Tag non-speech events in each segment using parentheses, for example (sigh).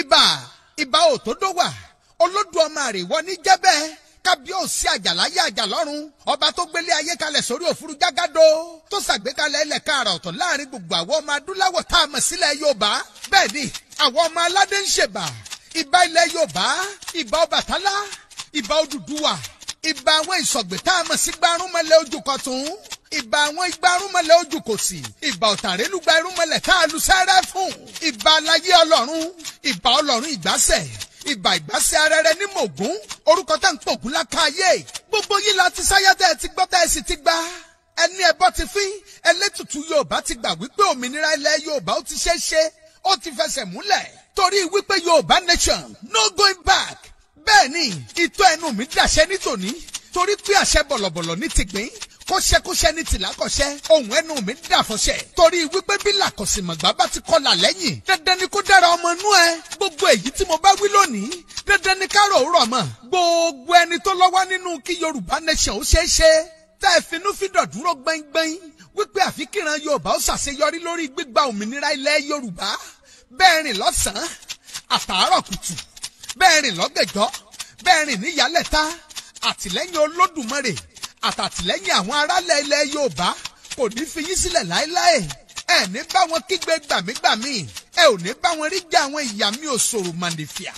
ibà ibà ò tó dó wà Olódùmarè wọ ní jẹ́bẹ́ kábíyèsí àjàláyé àjàlọ́run ọba tó gbélé ayé kalẹ̀ sórí òfurú jágádó tó ṣàgbékalẹ̀ ilẹ̀ káàrà ọ̀tọ̀ láàrin gbogbo àwọn ọmọ adúláwọ̀ tá a mọ̀ sílẹ̀ Yorùbá bẹ́ẹ̀ ni àwọn ọmọ aládé ń ṣèbà ìbà ilẹ̀ Yorùbá ìbà Ọbàtálá ìbà Odùduwà ìbà àwọn ìsọ̀gbẹ̀ tá a mọ̀ sí gbárùn ojú kọ̀tún ìbà àwọn igba arúmọlẹ̀ ojú kò sí ìbà ọ̀tàrẹ́lúgba irúmọlẹ̀ tá a lu sẹ́rẹ́ fún ìbà alayé ọlọ́run ìbà ọlọ́run ìgbásẹ̀ ìbà ìgbásẹ̀ arẹrẹ ní mògún orúkọ tá n pògún lákàáyé gbogbo yìí la ti sáyá tẹ́ ẹ ti gbọ́ tẹ́ ẹ sì ti gbà ẹni ẹbọ ti fín ẹlẹ́tùtù yorùbá ti gbà wípé òmìnira ilẹ̀ yorùbá ó ti ṣeé ṣe ó ti fẹsẹ̀ múlẹ̀ torí wípé yorùbá nation no going back bẹ́ẹ̀ ni ìtọ́ ẹnu mi dàṣẹ nítòní torí pé àṣẹ bọ̀lọ̀bọ̀lọ̀ ní tìgbín kóṣẹ́kóṣẹ́ ní tìlákọ̀ṣẹ́ ohun ẹnu mi dàfọ̀ṣẹ́ torí wípé bí làkọ̀sìmọ̀gbà bá ti kọlà lẹ́yìn dandan ni kó dára ọmọ inú ẹ gbogbo èyí tí mo bá wí lónìí dandan ni kárọ̀ òwúrọ̀ mọ̀ gbogbo ẹni tó lọ́wọ́ nínú kí Yorùbá nation ó ṣeé ṣe tá ẹ finú fídọ̀ dúró gbẹ́ngbẹ́ng wípé àfi kíran Yorùbá ó ṣàṣeyọrí lórí gbígba òmìnira ilẹ̀ Yorùbá bẹ́ẹ̀ rìn lọ́sàn-án kùtù bẹ́ẹ̀ rìn lọ́gẹ̀jọ́ bẹ́ẹ̀ rìn níyálẹ̀ta àtìlẹ́yìn Olódùmarè àtàtìlẹ́yìn àwọn aráàlẹ̀ ilẹ̀ Yorùbá kò ní fi yín sílẹ̀ láéláé ẹ ní bá wọn kígbe gbàmígbàmí ẹ ò ní bá wọn rí jẹ àwọn ìyá mi ò sòrò màndìfíà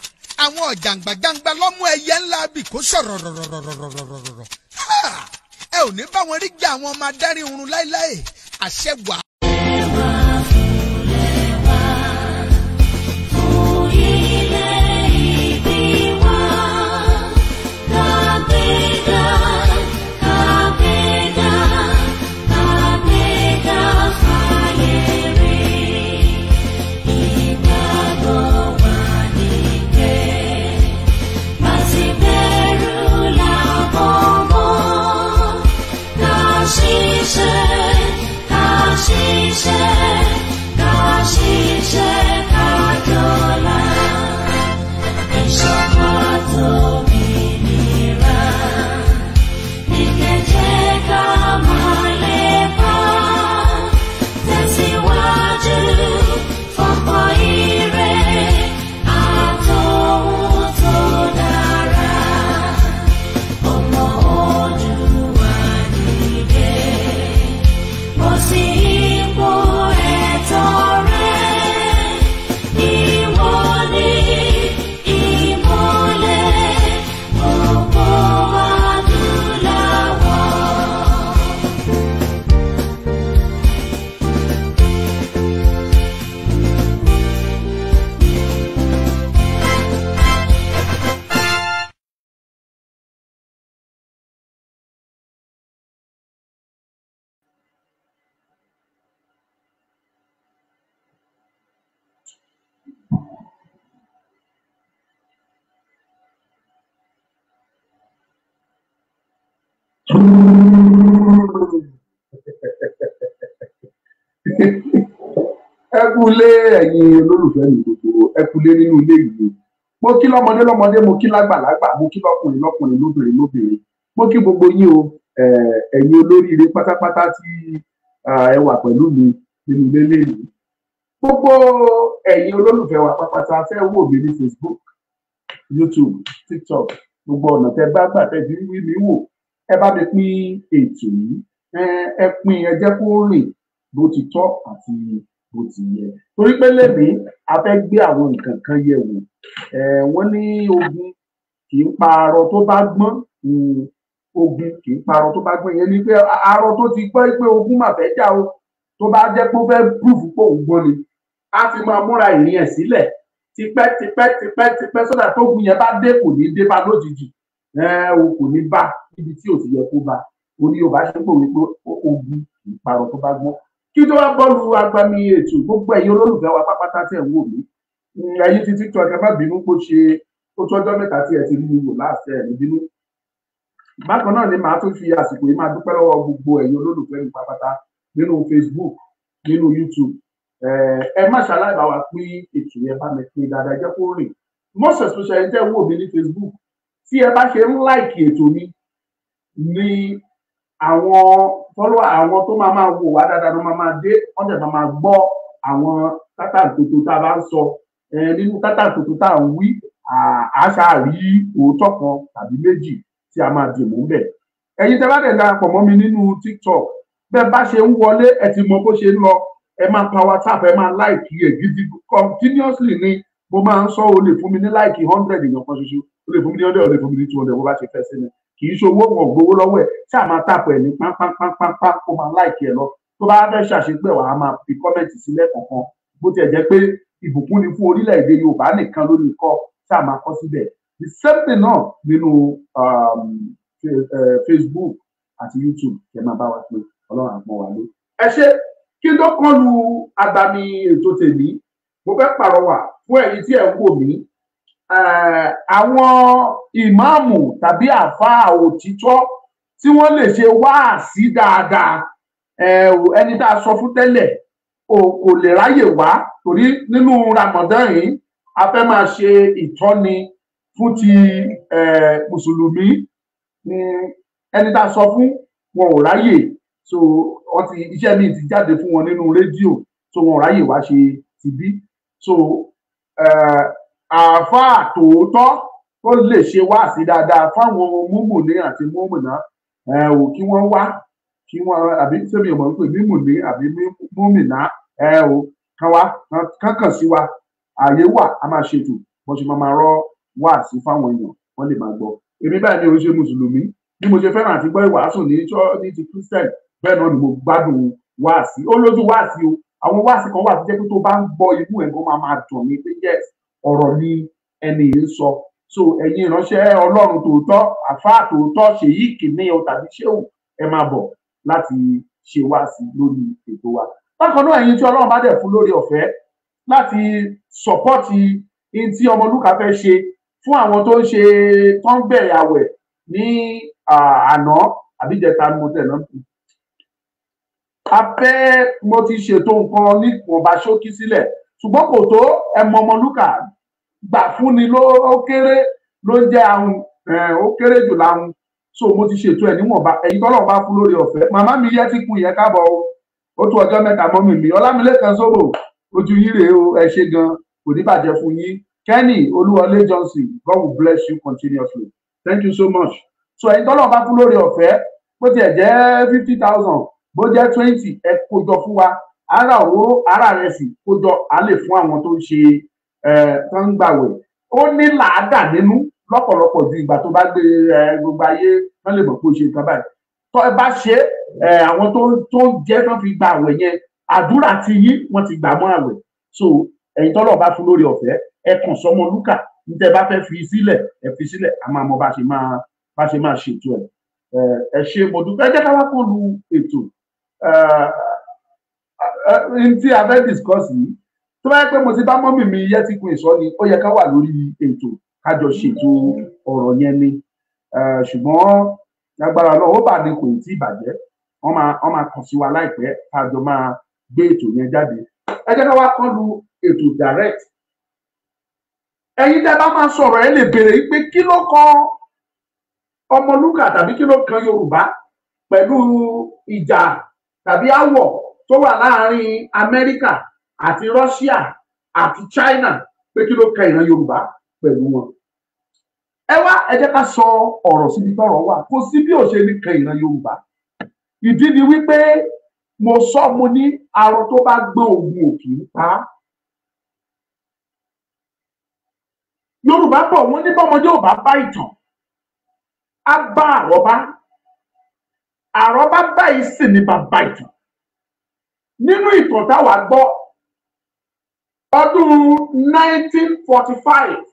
àwọn ọ̀jàǹgbàjàǹgbà lọ́mú ẹyẹ ńlá bì kó sọ̀rọ̀ rọ̀rọ̀rọ̀rọ̀rọ̀rọ̀ ẹ ò ní bá wọn rí jẹ àwọn ọmọ adẹ́rìn òrun láéláé àṣẹ ẹkúlé ẹ̀yin olólùfẹ́ mi gbogbo ẹkúlé nínú ilé ìlú mo kí lọ́mọdé lọ́mọdé mo kí lágbàlagbà mo kí lọ́kùnrin lọ́kùnrin lóbìnrin lóbìnrin mo kí gbogbo yín o ẹ̀yin olóríire pátápátá tí ẹ wà pẹ̀lú mi nínú ilé lẹ́yìn gbogbo ẹ̀yin olólùfẹ́ wa pátápátá fẹ́ wò mí ní Facebook YouTube TikTok gbogbo ọ̀nà tẹ bá gbà tẹ fi wí wò ẹ bá mi pín ètò yìí ẹ pín ẹ jẹ́ kó rìn bó ti tọ́ àti bó ti yẹ torí pé lèmi a fẹ́ gbé àwọn nǹkan kan yẹ̀ wò wọ́n ní ogun kì í pa tó bá gbọ́n ogun kì í parọ́ tó bá gbọ́n yẹn ni pé arọ tó ti gbọ́ pé ogun mà fẹ́ jà o tó bá jẹ́ pé ó fẹ́ proof pé òun gbọ́n ni a ti máa múra ìrìn ẹ̀ sílẹ̀ tipẹ́ tipẹ́ tipẹ́ tipẹ́ sọ́dà tó gun yẹn bá dé kò ní dé bá lójijì o kò ní bá níbi tí ò ti yẹ kó bá orí Yorùbá ṣe pé òun pé ogun kì í parọ́ tó bá gbọ́n kí tó wá bọ́ọ̀lù agbami ètò gbogbo ẹ̀yin olólùfẹ́ wa pápátá tẹ̀ ń wò mí ayé ti tiktok ẹ má bínú kó ṣe ó tó ọjọ́ mẹ́ta tí ẹ ti rí mi wò láàṣẹ ẹ̀ bínú. bákan náà ni màá tún fi àsìkò yìí máa dúpẹ́ lọ́wọ́ gbogbo ẹ̀yin olólùfẹ́ mi pápátá nínú facebook nínú youtube ẹ má ṣàlàyé bá wa pín ètò yẹn bá mi pín dáadáa jẹ́ kó rìn most especially tẹ́ wò mí ní facebook tí ẹ bá ṣe ń láìkì ètò mi ni àwọn fọ́lọ́ àwọn tó máa máa wò wá dáadáa ló máa máa dé wọ́n dẹ̀ máa máa gbọ́ àwọn kátàkùtù tá a bá ń sọ nínú kátàkùtù tá à ń wí àṣà rí òótọ́ kan tàbí méjì tí a máa dìbò ń bẹ̀. ẹ̀yin tẹ́ bá dẹ̀ darapọ̀ mọ́ mi nínú tiktok bẹ́ẹ̀ bá ṣe ń wọlé ẹ ti mọ bó ṣe ń lọ ẹ máa pa whatsapp ẹ máa láìkì ẹ gidi continuously ni mo máa ń sọ o lè fún mi ní láìkì hundred èèyàn kan ṣoṣo o lè fún mi ní hundred o lè fún mi ní two hundred bó bá ṣe fẹ́ sí mi kì í ṣowó wọn gbowó lọ́wọ́ ẹ̀ ṣáà máa tàpọ ẹ ní pánpánpánpánpá kó máa láìkí ẹ lọ tó bá fẹ́ ṣàṣepẹ wàá máa fi kọmẹǹtì sílẹ̀ kankan bó tiẹ̀ jẹ́ pé ìbùkún ni fún orílẹ̀-èdè yorùbá nìkan ló ní kọ ṣáà máa kọ síbẹ̀ the same thing náà nínú um, facebook àti youtube kẹ́ máa bá wa pé ọlọ́run àgbọn wa ló ẹ ṣe kí ló kọlu abami ètò tèmi mo fẹ́ pàrọwà fún ẹ̀yin tí ẹ ń wò mí Eh, àwọn ìmáàmù tàbí àfáà òtítọ́ tí wọ́n lè ṣe wáàsí dáadáa eh, ẹni tá a sọ fún tẹ́lẹ̀ kò lè ráyè wá torí nínú Ramadan yìí a fẹ́ máa ṣe ìtọ́ni fún ti eh, mùsùlùmí ẹni tá a sọ fún wọn ò ráyè so wọn ti iṣẹ́ míì ti jáde fún wọn nínú rédíò so wọn ò ráyè wá ṣe tìbí so àáfàá tòótọ́ tó lè ṣe wáàsí dáadáa fáwọn múmùní àti múmùná ò kí wọ́n wá kí wọ́n àbí sẹ́mi ọmọ wípé mímùní àbí múmìná ò kán wá kánkàn sí wa ààyè wà a máa ṣètò wọ́n ṣe máa rọ́ wáàsí fáwọn èèyàn wọ́n lè máa gbọ́ èmi báyìí mi ò ṣe mùsùlùmí bí mo ṣe fẹ́ràn àti gbọ́ ìwàásù ní ní ti christian bẹ́ẹ̀ náà ni mo gbádùn wáàsí ó lójú wáàsí o àwọn wáàsí kan wà tó jẹ́ pé tó bá ń gbọ́ inú ẹ̀ gan máa máa dùn ní pé yes ọ̀rọ̀ ni ẹni yìí ń sọ so ẹ̀yin ìránṣẹ́ ọlọ́run tòótọ́ àfáà tòótọ́ ṣèyí kìnìún ọ tàbí ṣéwù ẹ máa bọ̀ láti ṣe wá sí lórí ètò wa bákan náà ẹ̀yin tí ọlọ́run bá dẹ̀ fún lórí ọ̀fẹ́ láti sọ̀pọ́tì ní tí ọmọlúkà fẹ́ ṣe fún àwọn tó ń ṣe tó ń bẹ̀rẹ̀ àwẹ̀ ní àná àbíjẹta mo tẹ̀ náà a fẹ́ mo ti ṣètò nǹkan nípò bá ṣókí sílẹ̀ ṣùgbọ́n kò tó ẹmọmọlúkà gbà fúnni ló ó kéré ló ń jẹ́ ahun eh, ó kéré jù láhun so mo ti ṣètò ẹ̀ níwọ̀nba ẹ̀yin tọ́lọ̀ bá fún lórí ọ̀fẹ́ màmá mi yẹ ti kun yẹ káàbọ̀ o ó tó ọjọ́ mẹ́ta mọ́mì mi mi ọlámilẹ́kan sóbò ojú yín rèé o ẹ ṣe gan kò ní bàjẹ́ fún yín kenny olúwọlé johnson god will bless you continuously thank you so much so ẹ̀yin tọ́lọ̀ bá fún lórí ọ̀fẹ́ bó tiẹ̀ jẹ́ fifty thousand bó jẹ́ twenty ẹ kó jọ fún wa ara òró ara rẹ̀ sì kó jọ á lè fún àwọn tó ń ṣe tó ń gbàwẹ̀ ó ní làádà nínú lọ́pọ̀lọpọ̀ ju ìgbà tó bá gbé gbogbo ayé wọ́n lè mọ̀ pé ó ṣe nǹkan báyìí tó ẹ bá ṣe àwọn tó ń jẹ́ tó fi gba àwẹ̀ yẹn àdúrà ti yí wọ́n ti gbà mọ́ àwẹ̀ so ẹ̀yin tọ́lọ̀ bá fún lórí ọ̀fẹ́ ẹ kàn sọmọ lúkà níta ẹ bá fẹ́ fi sílẹ̀ ẹ fi sílẹ̀ a máa mọ bá ṣe máa bá ṣe máa ṣètò ẹ̀ ẹ ṣe mo dúpẹ́ ẹ jẹ́ ká wá tí a fẹ́ discuss yìí tó bá yẹ pé mo ti bá mọ́mì mi Yẹtí Queen sọ ni ó yẹ ká wà lórí ètò kájọ ṣètò ọ̀rọ̀ yẹn ni eh, ṣùgbọ́n lágbára náà ó bà ní kò tí ì bàjẹ́ wọ́n máa wọ́n máa kàn sí wa láìpẹ́ kájọ máa gbé ètò yẹn jáde ẹ jẹ́ wá kán lu ètò direct ẹ̀yin tẹ́ bá máa sọ̀rọ̀ ẹ lè béèrè pé kí ló kan Ọmọlúkà tàbí kí ló kan Yorùbá pẹ̀lú ìjà tàbí àwọ̀ tó wà láàrin amẹ́ríkà àti russia àti china pé kí ló ka ìran yorùbá pẹ̀lú wọn ẹ wá ẹ jẹ́ ká sọ ọ̀rọ̀ síbi tọ́rọ̀ wà kò sí bí ò ṣe ní ka ìran yorùbá ìdí ni wípé mo sọ mo ní arọ tó bá gbọ́n ògùn òkì ń pa á. yorùbá bọ̀ wọ́n ní bọ́mọdé ò bá bá ìtàn á bá àrọ́bá àrọ́bá báyìí sì ní bàbá ìtàn nínú ìtàn táwa gbọ́ ọdún 1945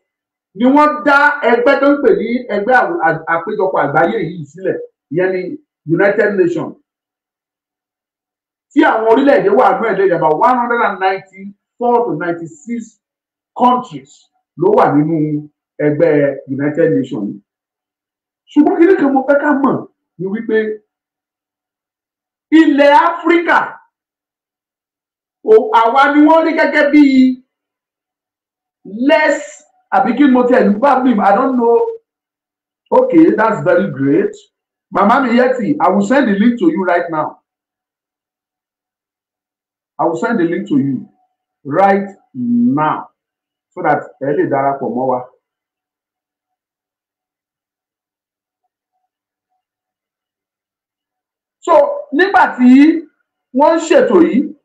ni wọ́n dá ẹgbẹ́ tó ń pè ní ẹgbẹ́ àpéjọpọ̀ àgbáyé yìí sílẹ̀ ìyẹn ni United Nations tí àwọn orílẹ̀-èdè wà ní ẹ̀dẹ́ ìjọba one hundred and ninety four to ninety six countries ló wà nínú ẹgbẹ́ United Nations ṣùgbọ́n kí ni kan mo fẹ́ ká mọ̀ ni wípé ilẹ̀ Áfíríkà àwa ni wọ́n rí gẹ́gẹ́ bí less àbí kí mo tẹ̀ ní problem I don't know okay that's very great mama mi yẹtì I will send the link to you right now I will send the link to you right now so that ẹ lè darapọ̀ mọ́ wa. so nígbà tí wọ́n ń ṣètò yìí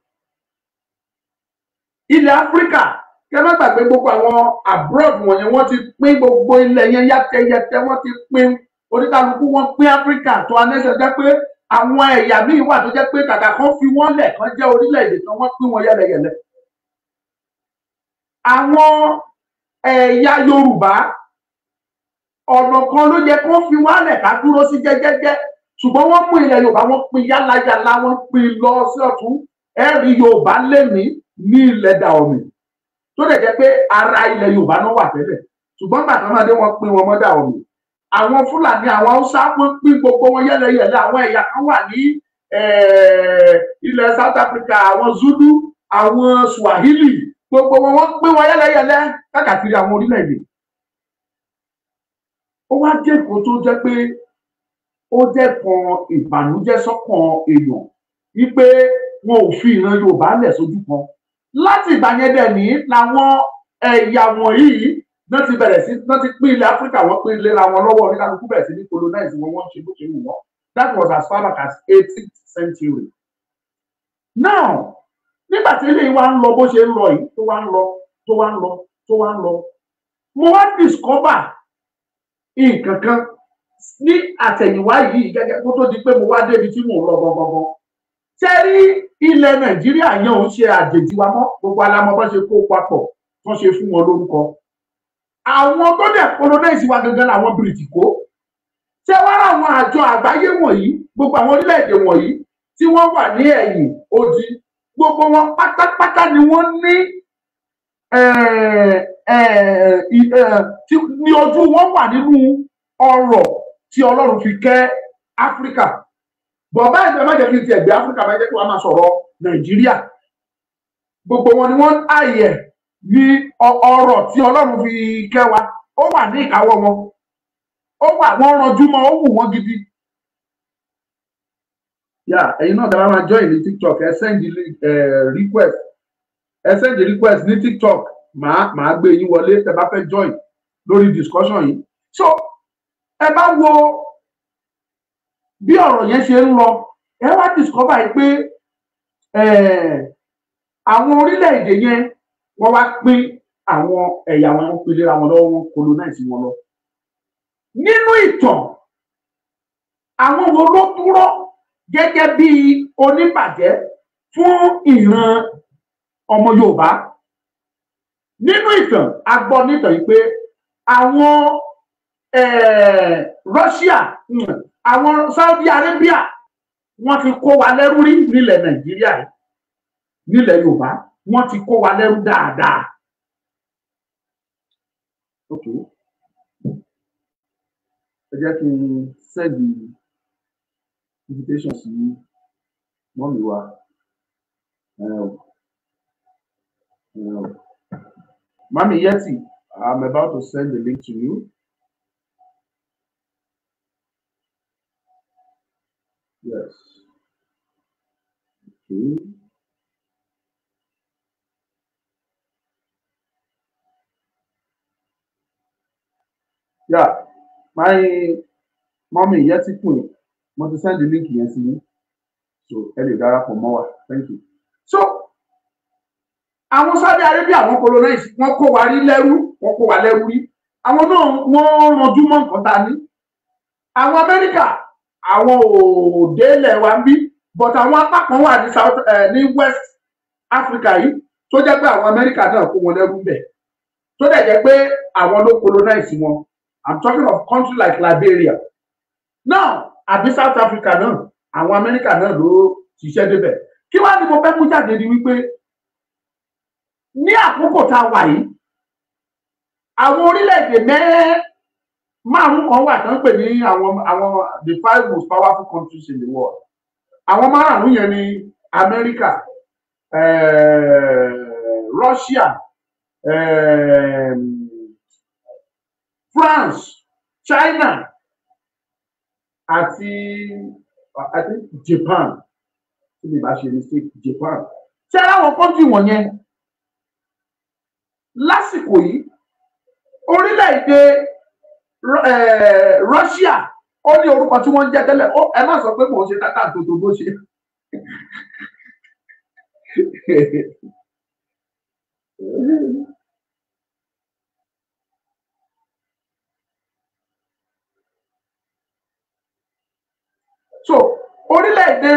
ilẹ̀ áfíríkà kẹ́ má gbàgbé gbogbo àwọn abroad wọ̀nyẹn wọ́n ti pín gbogbo ilẹ̀ yẹn yàtẹ̀yẹtẹ̀ wọ́n ti pín oníkálukú wọ́n pín áfíríkà tó anẹ́sẹ̀ jẹ́ pé àwọn ẹ̀yà míì wà tó jẹ́ pé kàkà kan fi wọ́n lẹ̀ kan jẹ́ orílẹ̀-èdè kan wọ́n pín wọn yẹlẹyẹlẹ. àwọn ẹ̀yà yorùbá ọ̀nà kan ló yẹ kó fi wá lẹ̀ ká dúró sí jẹ́jẹ́jẹ́ ṣùgbọ́n wọ́n mú ilẹ̀ yorùbá wọ́n pín yálàyàlà wọ́n pín lọ sí ọ̀tún ẹ̀rí yorùbá lẹ́mìí ní ilẹ̀ dà ọ̀mì tó dẹ̀ jẹ́ pé ara ilẹ̀ yorùbá náà wà tẹ́lẹ̀ ṣùgbọ́n bàtà máa dé wọn pín wọn mọ́ dà ọ̀mì àwọn fúlàní àwọn haúsá wọn pín gbogbo wọn yẹ́lẹyẹ̀lẹ àwọn ẹ̀yà kan wà ní eh, ilẹ̀ south africa àwọn zulu àwọn swahili gbogbo wọn wọn pín wọn yẹ́lẹyẹ̀lẹ káàkiri àwọn orílẹ̀-èdè ó wá jẹ́ nǹkan tó jẹ́ pé ó jẹ́ kan ìbànújẹ́ sọ́kàn èèyàn wípé wọn ò fi ìran yorùbá lẹ̀ sójú kan láti ìgbà yẹn dẹ̀ ní làwọn ẹ̀yà wọ̀nyí náà ti bẹ̀rẹ̀ sí náà ti pín ilẹ̀ áfíríkà wọ́n pín ilẹ̀ ra lọ́wọ́ oníkálukú bẹ̀rẹ̀ sí ní colonize wọn wọ́n ṣe bó ṣe wù wọ́n that was as far back as eighteenth century. now nígbà tí eléyìí wá ń lọ bó ṣe ń lọ yìí tó wá ń lọ tó wá ń lọ tó wá ń lọ mo wá discover nǹkan kan ní àtẹ̀yìnwá yìí gẹ́gẹ́ kó tó di pé mo wá débi tí mò ń lọ gangan sẹ́rí ilẹ̀ nàìjíríà yẹn òun ṣe àjèjì wa mọ́ gbogbo alamọ bá ṣe kó papọ̀ wọ́n ṣe fún wọn lórúkọ àwọn tó dẹ̀ colonize wa gangan làwọn bìrìtì kó ṣé wá àwọn àjọ àgbáyé wọ̀nyí gbogbo àwọn orílẹ̀-èdè wọ̀nyí tí wọ́n wà ní ẹ̀yìn odi gbogbo wọn pátápátá ni wọ́n ní ní ojú wọn wà nínú ọrọ̀ tí ọlọ́run fi kẹ́ áfíríkà bọ̀bá ìgbà má jẹ́ kí n ti ẹ̀gbẹ́ áfíríkà má jẹ́ kí wọ́n máa sọ̀rọ̀ nàìjíríà gbogbo wọn ni wọ́n àyẹ̀ ní ọ̀rọ̀ tí ọlọ́run fi kẹ́ wa ó wà ní ìkáwọ́ wọn ó wà wọ́n ranjú mọ́ ó wù wọ́n gidi. yà ẹ̀yin náà dábàá máa join ní tiktok ẹ send request ẹ send request ní tiktok màá màá gbé yín wọlé tẹ́ bá fẹ́ join lórí discussion yìí so ẹ bá wo bí ọ̀rọ̀ yẹn ṣe ń lọ ẹ wá discover yìí pé àwọn orílẹ̀-èdè yẹn wọ́n wá pín àwọn ẹ̀yà wọn ń pèlè ra wọn lọ́wọ́ wọn colonize wọn lọ. nínú ìtàn àwọn wo ló dúró gẹ́gẹ́ bí oníbàjẹ́ fún ìran ọmọ Yorùbá nínú ìtàn a gbọ́ nítàn yìí pé àwọn Russia. Hmm, àwọn Saudi Arabia wọ́n ti kó wa lẹ́rú rí nílẹ̀ Nàìjíríà yìí nílẹ̀ Yorùbá wọ́n ti kó wa lẹ́rú dáadáa. Okay. ẹ jẹ́ kí n sẹ́ẹ̀dì invitation sí mọ́mí wa. Mami um, um, Yeti, I'm about to send the link to you. Yes. Okay. Yeah, my mommy yẹn ti kùn mo ti send link yẹn sí yín so ẹ lè darapọ̀ mọ́ thank you. so àwọn Saudi Arabia àwọn colonize wọn kó wa rí lẹ́rú wọn kó wa lẹ́rú rí àwọn náà wọ́n ranjú mọ́ nǹkan ta ni àwọn Amẹ́ríkà àwọn òde ilẹ̀ wa ń bí but àwọn apá kan wà ní south eh, ní west africa yìí tó jẹ́ pé àwọn amẹ́ríkà náà kó wọn lẹ́rú bẹ̀ tó dẹ̀ jẹ́ pé àwọn ló colonize wọn i'm talking of country like liberia now àbí south africa náà àwọn amẹ́ríkà náà ló ṣiṣẹ́ débẹ̀ kí wàá ní mo fẹ́ mú jáde ni wípé ní àkókò tá a wà yìí àwọn orílẹ̀-èdè mẹ́ẹ́ márùn kan wà tán pè ní àwọn àwọn the five most powerful countries in the world àwọn márùn yẹn ni America eh, Russia eh, France China àti àti Japan tí mi bá ṣe mistake Japan ṣé àwọn kọ́ńtì wọ̀nyẹn lásìkò yìí orílẹ̀-èdè Eh, Russia ó ní orúkọ tí wọ́n ń jẹ́ tẹ́lẹ̀ ẹ má sọ pé mò ń ṣe tata tòtò bó ṣe. so orílẹ̀-èdè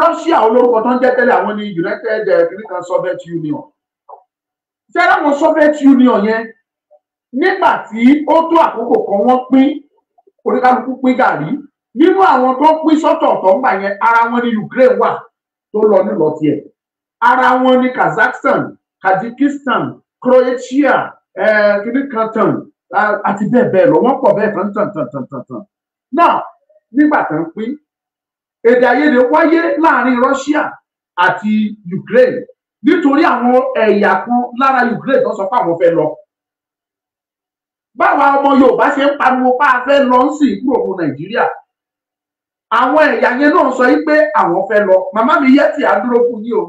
Russia olórúkọ tó ń jẹ́ tẹ́lẹ̀ àwọn ní United eh, Kingdom Soviet Union ṣé àwọn Soviet Union yẹn nígbà tí ó tó àkókò kan wọ́n pín oníkálukú pín gàrí nínú àwọn tó pín sọ́tọ̀ọ̀tọ̀ ńgbà yẹn ara wọn ní Ukraine wà tó lọ nílọ tiẹ̀ ara wọn ní Kazakhstan Kazakhstan Croatia eh, kìnnì kan tàn àti bẹ́ẹ̀ bẹ́ẹ̀ lọ wọ́n pọ̀ bẹ́ẹ̀ tán tàn tàn tàn tàn tàn náà nígbà tán pín èdè àìyedè wáyé láàrin Russia àti Ukraine nítorí àwọn ẹ̀yà kan lára Ukraine tó sọ pé àwọn fẹ́ lọ báwa ọmọ yorùbá ṣe ń pariwo pa afẹ́ lọ ń sìn kúrò fún nàìjíríà àwọn ẹ̀yà yẹn náà sọ pé àwọn fẹ́ lọ màmá mi yẹ tí a dúró fún yìí o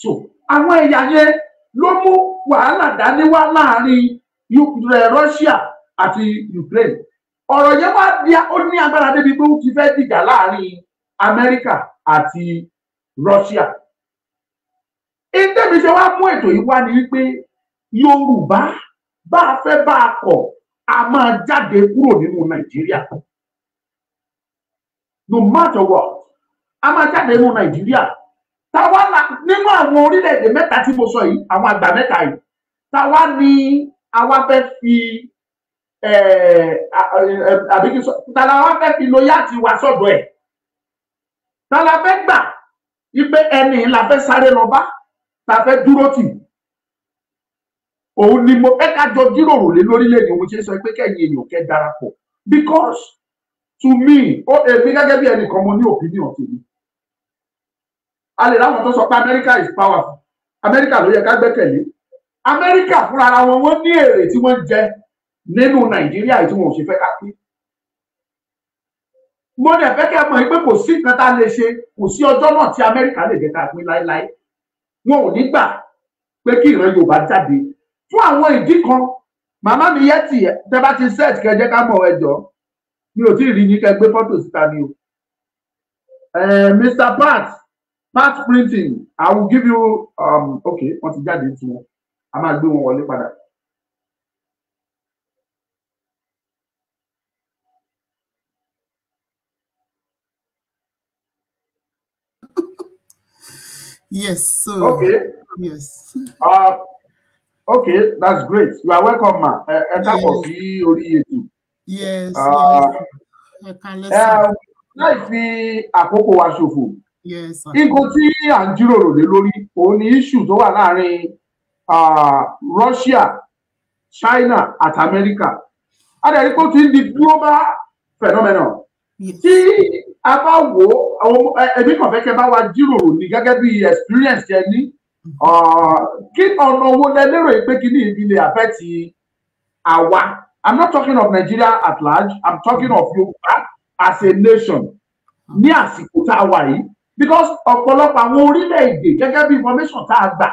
so àwọn ẹ̀yà yẹn ló mú wàhálà dání wá láàrin eh, Russia àti Ukraine ọ̀rọ̀ yẹn wá di ó ní agbára débi pé ó ti fẹ́ dìjà láàrin Amẹ́ríkà àti Russia ìdẹ́bi ṣe wá mú ètò yìí wá ní wípé Yorùbá bá a fẹ́ bá a kọ̀ a máa jáde kúrò nínú nàìjíríà no matter what a máa jáde nínú nàìjíríà táwa nínú àwọn orílẹ̀-èdè mẹ́ta tí mo sọ yìí àwọn àgbà mẹ́ta yìí táwa ni àwa fẹ́ fi àbíkí sọ tàlà wa fẹ́ fi lóyà ti wa sọ̀dọ̀ ẹ̀ tàlà fẹ́ gbà ipe ẹni la fẹ́ sáré lọ bá ta fẹ́ dúró tì òun ni mo fẹ́ ká jọ jíròrò lé lórílẹ̀‐èdè mo ṣe sọ pé kẹ́yìn èèyàn kẹ́ darapọ̀ because to me ó èmi gẹ́gẹ́ bí ẹnìkan mo ní opinion tèmi a lè ráwọn tó sọ pé America is powerful America ló yẹ ká gbẹ́kẹ̀lé America fúnra ara wọn wọ́n ní èrè tí wọ́n jẹ nínú Nàìjíríà tí wọn ò ṣe fẹ́ ká pín mo dẹ̀ fẹ́ kẹ́ ẹ mọ̀ pé kò sí nǹkan tá a lè ṣe kò sí ọjọ́ náà tí Amẹ́ríkà lè jẹ́ ká pín láéláé wọn ò ní gbà pé kí ìran Yorùbá jáde fún àwọn ìdí kan màmá mi yẹ tì tẹ bá ti set kẹjẹ ká mọ̀ ẹjọ́ mi ò tí ì rí yín kẹ gbé fọ́tò síta ni o Mr. Pat Pat printing I will give you um, ok wọ́n ti jáde tí wọn a máa gbé wọn wọlé padà. (laughs) Yes, so. Okay. Yes. Uh, okay that's great you are welcome ma ẹ káàbọ̀ sí orí ètò. yes ah, ẹ kálẹ́ sọ. Eh, láì fi àkókò wa ṣòfò. yes nǹkan tí à ń jíròrò lé lórí òun ni issue tó wà láàrin ah, Russia China àti America adẹ̀rí kó ti ń di global phenomenon tí a bá wò ó ẹ̀mí kan fẹ́ kẹ́ bá wa jíròrò ní gẹ́gẹ́ bí experience ẹ ní. Uh, kí ọ̀nà owó lẹ lérò pé kí ní ìdílé àfẹ́ ti àwa i'm not talking of nigeria at large i'm talking of yorùbá as a nation ní àsìkò tá a wà yìí because ọ̀pọ̀lọpọ̀ àwọn orílẹ̀-èdè gẹ́gẹ́ bí information tá a gbà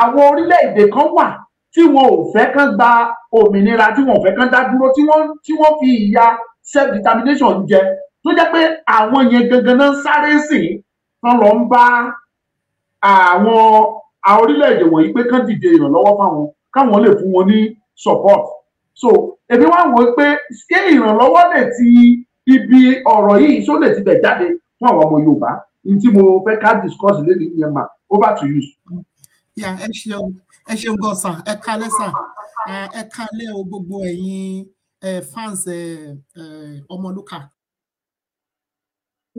àwọn orílẹ̀-èdè kan wà tí wọn ò fẹ́ kán gba òmìnira tí wọn ò fẹ́ kán dá dúró tí wọ́n tí wọ́n fi ìyà self determination jẹ tó jẹ́ pé àwọn yẹn gangan náà sáré sí tán lọ ń bá àwọn àwọn orílẹ̀-èdè wọ̀nyí pé kán dìde ìrànlọ́wọ́ fáwọn káwọn lè fún wọn ní support so èmi wá wọ pé ṣé ìrànlọ́wọ́ lè ti ibi ọ̀rọ̀ yìí ṣó lè ti bẹ̀ jáde fún àwọn ọmọ Yorùbá ní tí mo fẹ́ ká discuss lẹ́nu ìyẹn over to you. ẹ ṣeun ẹ ṣeun gan sàn ẹ kálẹ́ sàn ẹ kálẹ́ o gbogbo ẹ̀yin fans ọmọlúkà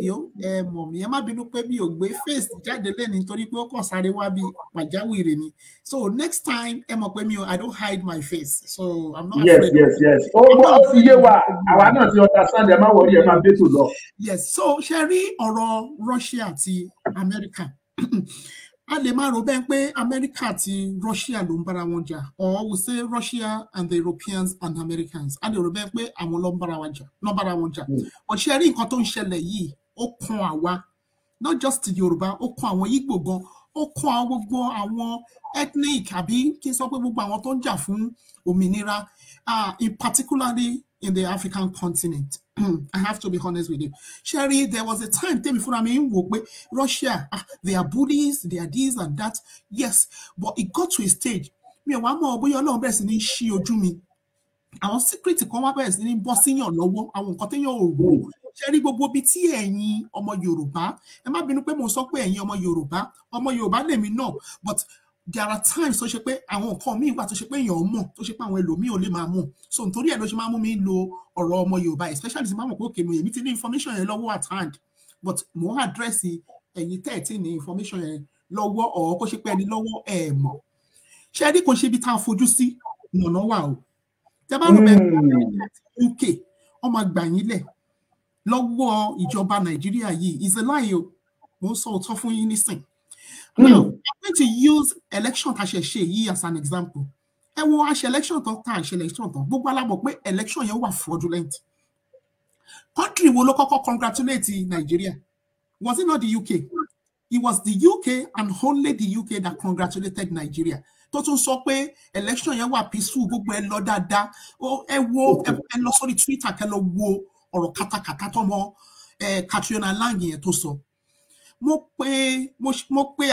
yóò ẹ mọ̀ mí ẹ má bínú pé mi ò gbé face jáde lẹ́ni nítorí pé ó kàn sáré wá bí pàjáwìrì ni so next time ẹ mọ̀ pé mi ò i don't hide my face so i'm not yes, afraid. yes yes yes ó gbọ́ ó ti yé wa àwa náà ti understand ẹ má wọrí ẹ má bẹ́tò lọ. yes so ṣe rí ọ̀rọ̀ Russia àti America a lè máa rò bẹ́ẹ̀ pé America àti Russia ló ń bára wọn jà or we say Russia and the Europeans and Americans a lè rò bẹ́ẹ̀ pé àwọn ló ń bára wọn jà ló bára wọn jà ọ̀ṣẹ́ hmm. rí nǹkan tó ń ṣẹlẹ̀ yìí ó kan àwa not just yorùbá ó kan àwọn Ìgbò gan ó kan àwọn gbogbo àwọn ethnic àbí kí n sọ pé gbogbo àwọn tó ń jà fún òmìnira uh, in particularly in the African continent (clears throat) I have to be honest with you Sherry there was a time tèmi fúnra mi ń wò pé Russia ah, they are bullies they are this and that yes but it got to a stage mi ò wá mọ̀ bóyá Ọlọ́run bẹ̀rẹ̀ sí ní ṣí ojú mi àwọn secret kan wá bẹ̀rẹ̀ sí ní bọ́ síyàn lọ́wọ́ àwọn nǹkan téèyàn ò rò ṣe rí gbogbo ibi tí ẹ̀yin ọmọ Yorùbá ẹ má bínú pé mo sọ pé ẹ̀yin ọmọ Yorùbá ọmọ Yorùbá lèmi náà but there are times tó ṣe pé àwọn nǹkan míì wà tó ṣe pé èèyàn mọ̀ tó ṣe pé àwọn ẹlòmíì ò lè máa mọ̀ so nítorí ẹ̀ ló ṣe máa mú mi lo ọ̀rọ̀ ọmọ Yorùbá especially ti máa mọ̀ pé òkè mi èmi ti ní information yẹn lọ́wọ́ at hand but mo ń address ẹ̀yin tẹ́ ní information yẹn lọ́wọ́ ọ̀ọ́ kó ṣe pé ẹni lọ́wọ́ ẹ̀ mọ̀ ṣé ẹni kò ṣe ibi tá a fojú sí ọ̀nà wà o tẹ bá rò bẹ́ẹ̀ hmm. UK wọ́n máa lọ́wọ́ ìjọba Nàìjíríà yìí ìṣẹ̀láyò mo ń sọ òótọ́ fún yín nísìn. Hmm. Now I'm going to use election tá a ṣe ṣe yìí as an example. Ẹ wo aṣẹ election tán tá àṣẹ election tán gbogbo alábọ̀ pé election yẹn wà fraudulent. Country wo ló kọ́kọ́ congratulate Nàìjíríà? Was it not the UK? It was the UK and only the UK that congratulated Nigeria tó tún sọ pé election yẹn wà peaceful gbogbo ẹ lọ dáadáa ẹ wo ẹ lọ sórí Twitter kẹ lọ wo ọ̀rọ̀ katakata tọmọ Katriona Lang yẹn tó sọ mo pe mo pe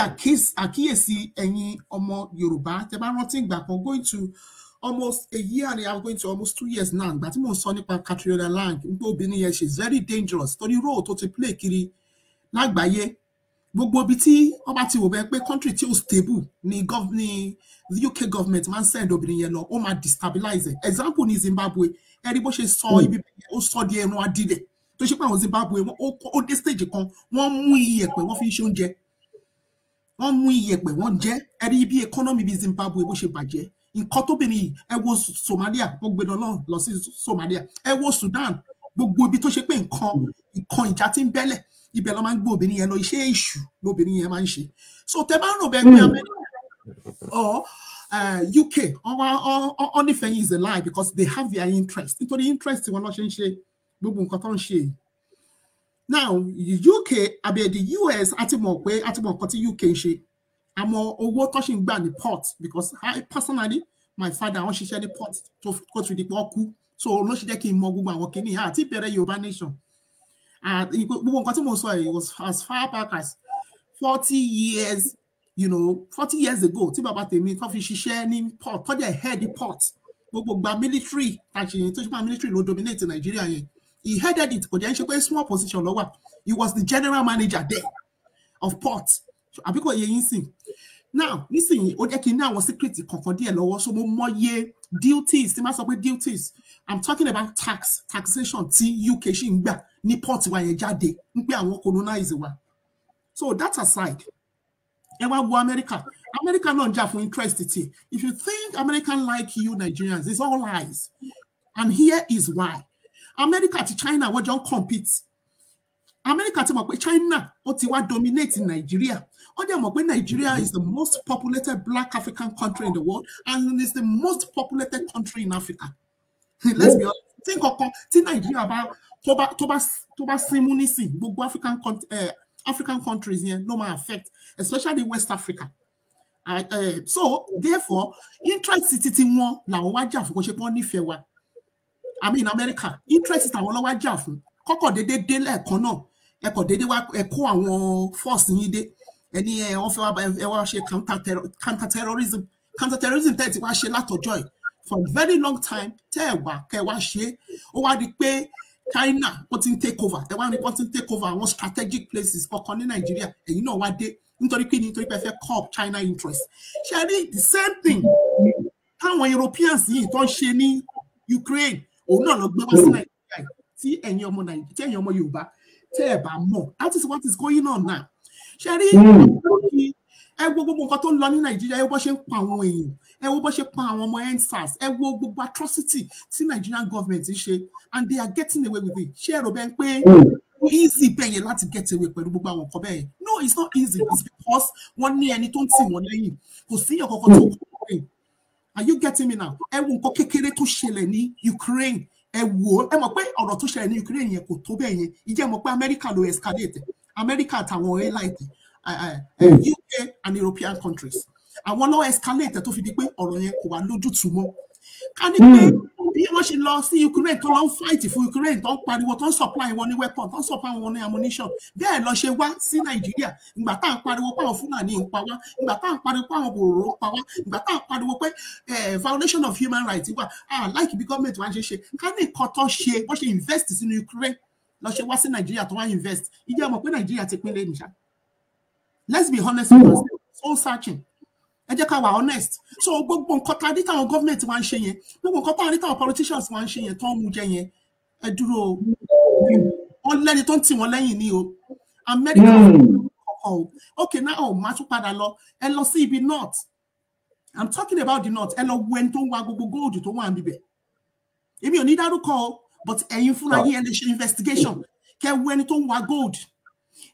àkíyèsí ẹ̀yin ọmọ Yorùbá tẹ́ bá rántí ìgbà kan going to almost a year and a half going to almost two years now ìgbà tí mo ń sọ nípa Katriona Lang nípa obìnrin yẹn she is very dangerous torí role tó ti play kiri lágbàáyé gbogbo ibi tí wọ́n bá ti wò bẹ́ẹ̀ pé country tí ó stable ni ni UK government máa ń send obìnrin yẹn lọ ó máa destabilize example ni Zimbabwe ẹ rí bó ṣe sọ hmm. ibi bẹ́ẹ̀ ó sọ di ẹran adílẹ̀ tó ṣe pé àwọn Zimbabwe ó dé stage kan wọ́n mú iyẹ̀pẹ̀ wọ́n fi ń ṣe oúnjẹ wọ́n mú iyẹ̀pẹ̀ wọ́n jẹ ẹ rí bí economy bí Zimbabwe bó ṣe bàjẹ́ nǹkan tóbìnrin yìí ẹ wo Somalia wọ́n gbé lọ lọ sí Somalia ẹ wo Sudan gbogbo ibi tó ṣe pé nǹkan nǹkan ìjà ti ń bẹ́lẹ̀ ibẹ̀ ló máa ń gbé obìnrin yẹn lọ iṣẹ́ èṣù lóbìnrin yẹn máa ń ṣe so tẹ bá ń rò bẹ́ẹ̀ pé hmm. amẹ́ríkà or eh, uk onífẹ̀yìn is a lie because they have their interest nítorí interest wọn lọ ṣe ń ṣe gbogbo nǹkan tó ń ṣe now uk àbí the us a ti mọ̀ pé a ti mọ̀ nǹkan tí uk ń ṣe àmọ́ owó tó ṣì ń gbà ní port because I personally my father wọ́n ṣiṣẹ́ ní port tó kó tó di pọ́ kú so ló ṣe jẹ́ kí n mọ̀ gbogbo àwọn kìnìún àti ìbẹ̀rẹ̀ yorùbá nation And nǹkan was as far back as forty years you know forty years ago tí bàbá tèmi coffee fi ṣiṣẹ́ ní port tó jẹ́ head port gbogbo military actually. tó ṣe military ló dominate Nigeria yẹn he headed it but then she ṣe a small position ló he was the general manager there of port àbíkò yẹn yín sìn now nísìnyí ó jẹ́ kí n ní àwọn secret kankan díẹ̀ lọ́wọ́ so mo mọye duties tí máa sọ pé duties i'm talking about tax taxation tí UK ṣì ń gbà ní port wa yẹn jáde ń pé àwọn colonize wa so that aside ẹ wá wo America America náà ń jà fún interest ti if you think American like you Nigerians it's all lies and here is why America àti China wọ́n jọ ń compete amẹ́ríkà ti mọ̀ pé china ó ti wá dominate nàìjíríà ó dẹ̀ mọ̀ pé nàìjíríà is the most populated black african country in the world and is the most populated country in africa (laughs) let's be honest tí nǹkankan tí nàìjíríà bá tó bá tó bá tó bá símú nísìn gbogbo african uh, african countries yẹn ló máa affect especially west africa uh, uh, so therefore interest ti ti wọn làwọn wá jà fún kó ṣe pé wọn nífẹ̀ẹ́ wa i mean america interest àwọn lọ́wọ́ jà fún kọ́kọ́ déédéé délẹ̀ kan náà ẹ kọ̀ déédéé wá ẹ kó àwọn force yín dé ẹni ẹ wọ́n fẹ́ wá ẹ wá ṣe counter counterterrorism, counter terrorism tẹ́ ẹ ti wá ṣe látọjọ́ ẹ̀ for a very long time tẹ́ ẹ wá kẹ́ ẹ wá ṣe é ó wá di pé China wọ́n ti ń take over ẹ wá ní wọ́n ti ń take over àwọn strategic places kọ̀ọ̀kan ní Nàìjíríà èyí náà wá dé nítorí pé nítorí pé ẹ fẹ́ curb China interest ṣe rí the same thing táwọn Europeans yìí tó ń ṣe ní Ukraine òun náà lọ gbé wá sí Nàìjíríà tí ẹ̀yin ọmọ Yorùbá tẹ́ ẹ̀ bá mọ̀ that is what is going on now ṣe rí hmm. ẹ wo gbogbo nǹkan tó ń lọ ní nàìjíríà ẹ wo bó ṣe ń pa àwọn èèyàn ẹ wo bó ṣe pa àwọn ọmọ endsars ẹ wo gbogbo atrocity tí nigerian government ń ṣe and they are getting away with it ṣé èrò bẹ́ẹ̀ pé hmm. easy bẹ́ẹ̀ yẹn láti get away pẹ̀lú gbogbo àwọn nǹkan bẹ́ẹ̀ no it's not easy it's because wọ́n ní ẹni tó ń tì wọ́n lẹ́yìn kò sí ìyàn kankan tó kọ́ ẹ̀ are you getting me now ẹ wo nǹkan kékeré tó ṣẹlẹ̀ ní ukraine ẹ wò ó ẹ mọ̀ pé ọ̀rọ̀ tó ṣẹlẹ̀ ní Ukraine yẹn kò tó bẹ́ẹ̀ yẹn ìjẹ́ mọ̀ pé Amẹ́ríkà ló escalate Amẹ́ríkà àtàwọn elite hmm. UK and European countries àwọn ló escalate tó fi di pé ọ̀rọ̀ yẹn kò wá lójútùú mọ́ ká ní pé hmm wọ́n ṣe lọ sí Ukraine tó lọ ń fight fún Ukraine tó ń pariwo tó ń supply wọn ní weapon tó ń supply wọn ní ammunition bẹ́ẹ̀ lọ ṣe wá sí Nàìjíríà ìgbà tá à ń pariwo pé àwọn Fúlàní ń pa wá ìgbà tá à ń pariwo pé àwọn bòròrò ń pa wá ìgbà tá à ń pariwo pé eh, violation of human rights wà ah like bí gọ́ọ̀mẹ̀ntì wá ṣe ṣe ká ní nǹkan tó ṣe wọ́n ṣe invest sínú Ukraine lọ ṣe wá sí Nàìjíríà tó wá invest ìjẹ́ mọ̀ pé Nàìjíríà ti pín lẹ́nu let's be honest with ourselves soul searching ẹ jẹ́ ká wà honest so gbogbo nǹkan tá a rí táwọn gọ́ọ̀mẹ̀ntì wa ń ṣe yẹn gbogbo nǹkan tá a rí táwọn politicians wa ń ṣe yẹn tó ń mú jẹ yẹn ẹ dúró wọn lẹ́ni tó ń tì wọ́n lẹ́yìn ni o Amẹ́ríkà hmm. ọkọ̀ o ok now máa tún padà lọ ẹ lọ sí ibi north i'm talking about the north ẹ lọ wo ẹni tó ń wa gbogbo gold tó wà níbẹ̀ èmi ò ní dárúkọ o but ẹ̀yin fúnra yín ẹ lè ṣe investigation kẹ wo ẹni tó ń wa gold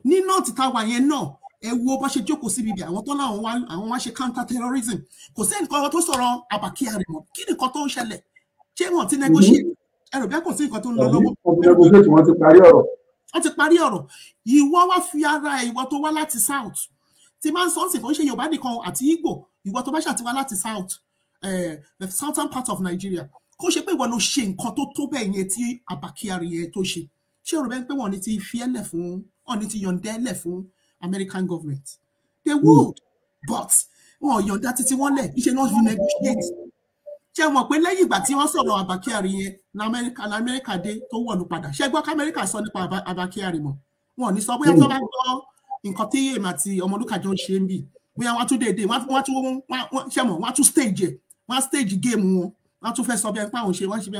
ní north táwa yẹn náà ẹ wo bó ṣe jókòó síbi ibi àwọn tó láwọn wá àwọn wá ṣe counter terrorism kò sẹ́ni kan tó sọ̀rọ̀ àbàkí ààrẹ mọ́ kí nìkan tó ń ṣẹlẹ̀ ṣé wọn ti negotiate ẹrù bẹ́ẹ̀ kò sí nǹkan tó ń lọ lọ́wọ́. wọ́n ti parí ọ̀rọ̀. wọ́n ti parí ọ̀rọ̀ ìwọ wá fi ara ìwọ tó wá láti south tí máa ń sọ ọ́sìn kò ń ṣe Yorùbá nìkan àti Ìgbò ìwọ tó bá ṣàtiwá láti south eh, the southern part of Nigeria kó ṣe pé ìwọ ló ṣe nǹkan tó tó bẹ́ẹ̀ yẹn tí Abba Kyari yẹn tó ṣe ṣé ọ̀rọ̀ bẹ́ẹ̀ pé wọ́n ní ti fi ẹ́lẹ̀ fún wọ́n ní ti yọ̀ǹdẹ́ ẹ̀lẹ̀ fún American government. They hmm. would, mm. but oh, your that is one leg. iṣẹ́ náà not negotiate. Ṣé when let you back, you wọ́n sọ̀rọ̀ Abba Kyari yẹn ní Amẹ́ríkà ní Amẹ́ríkà dé tó wọ̀lú padà. Ṣé gbọ́ k'Amẹ́ríkà sọ nípa Abba Kyari mọ̀? Wọn ò ní sọ bóyá hmm. tó bá gbọ́ nǹkan tí èèmà àti Ọmọlúkà jọ ń ṣe ń bì. Bóyá wọ́n á tún stage ẹ̀, wọ́n stage game wọn. Wọ́n á tún fẹ́ sọ bí ẹ pé àwọn ṣe, wọ́n á ṣe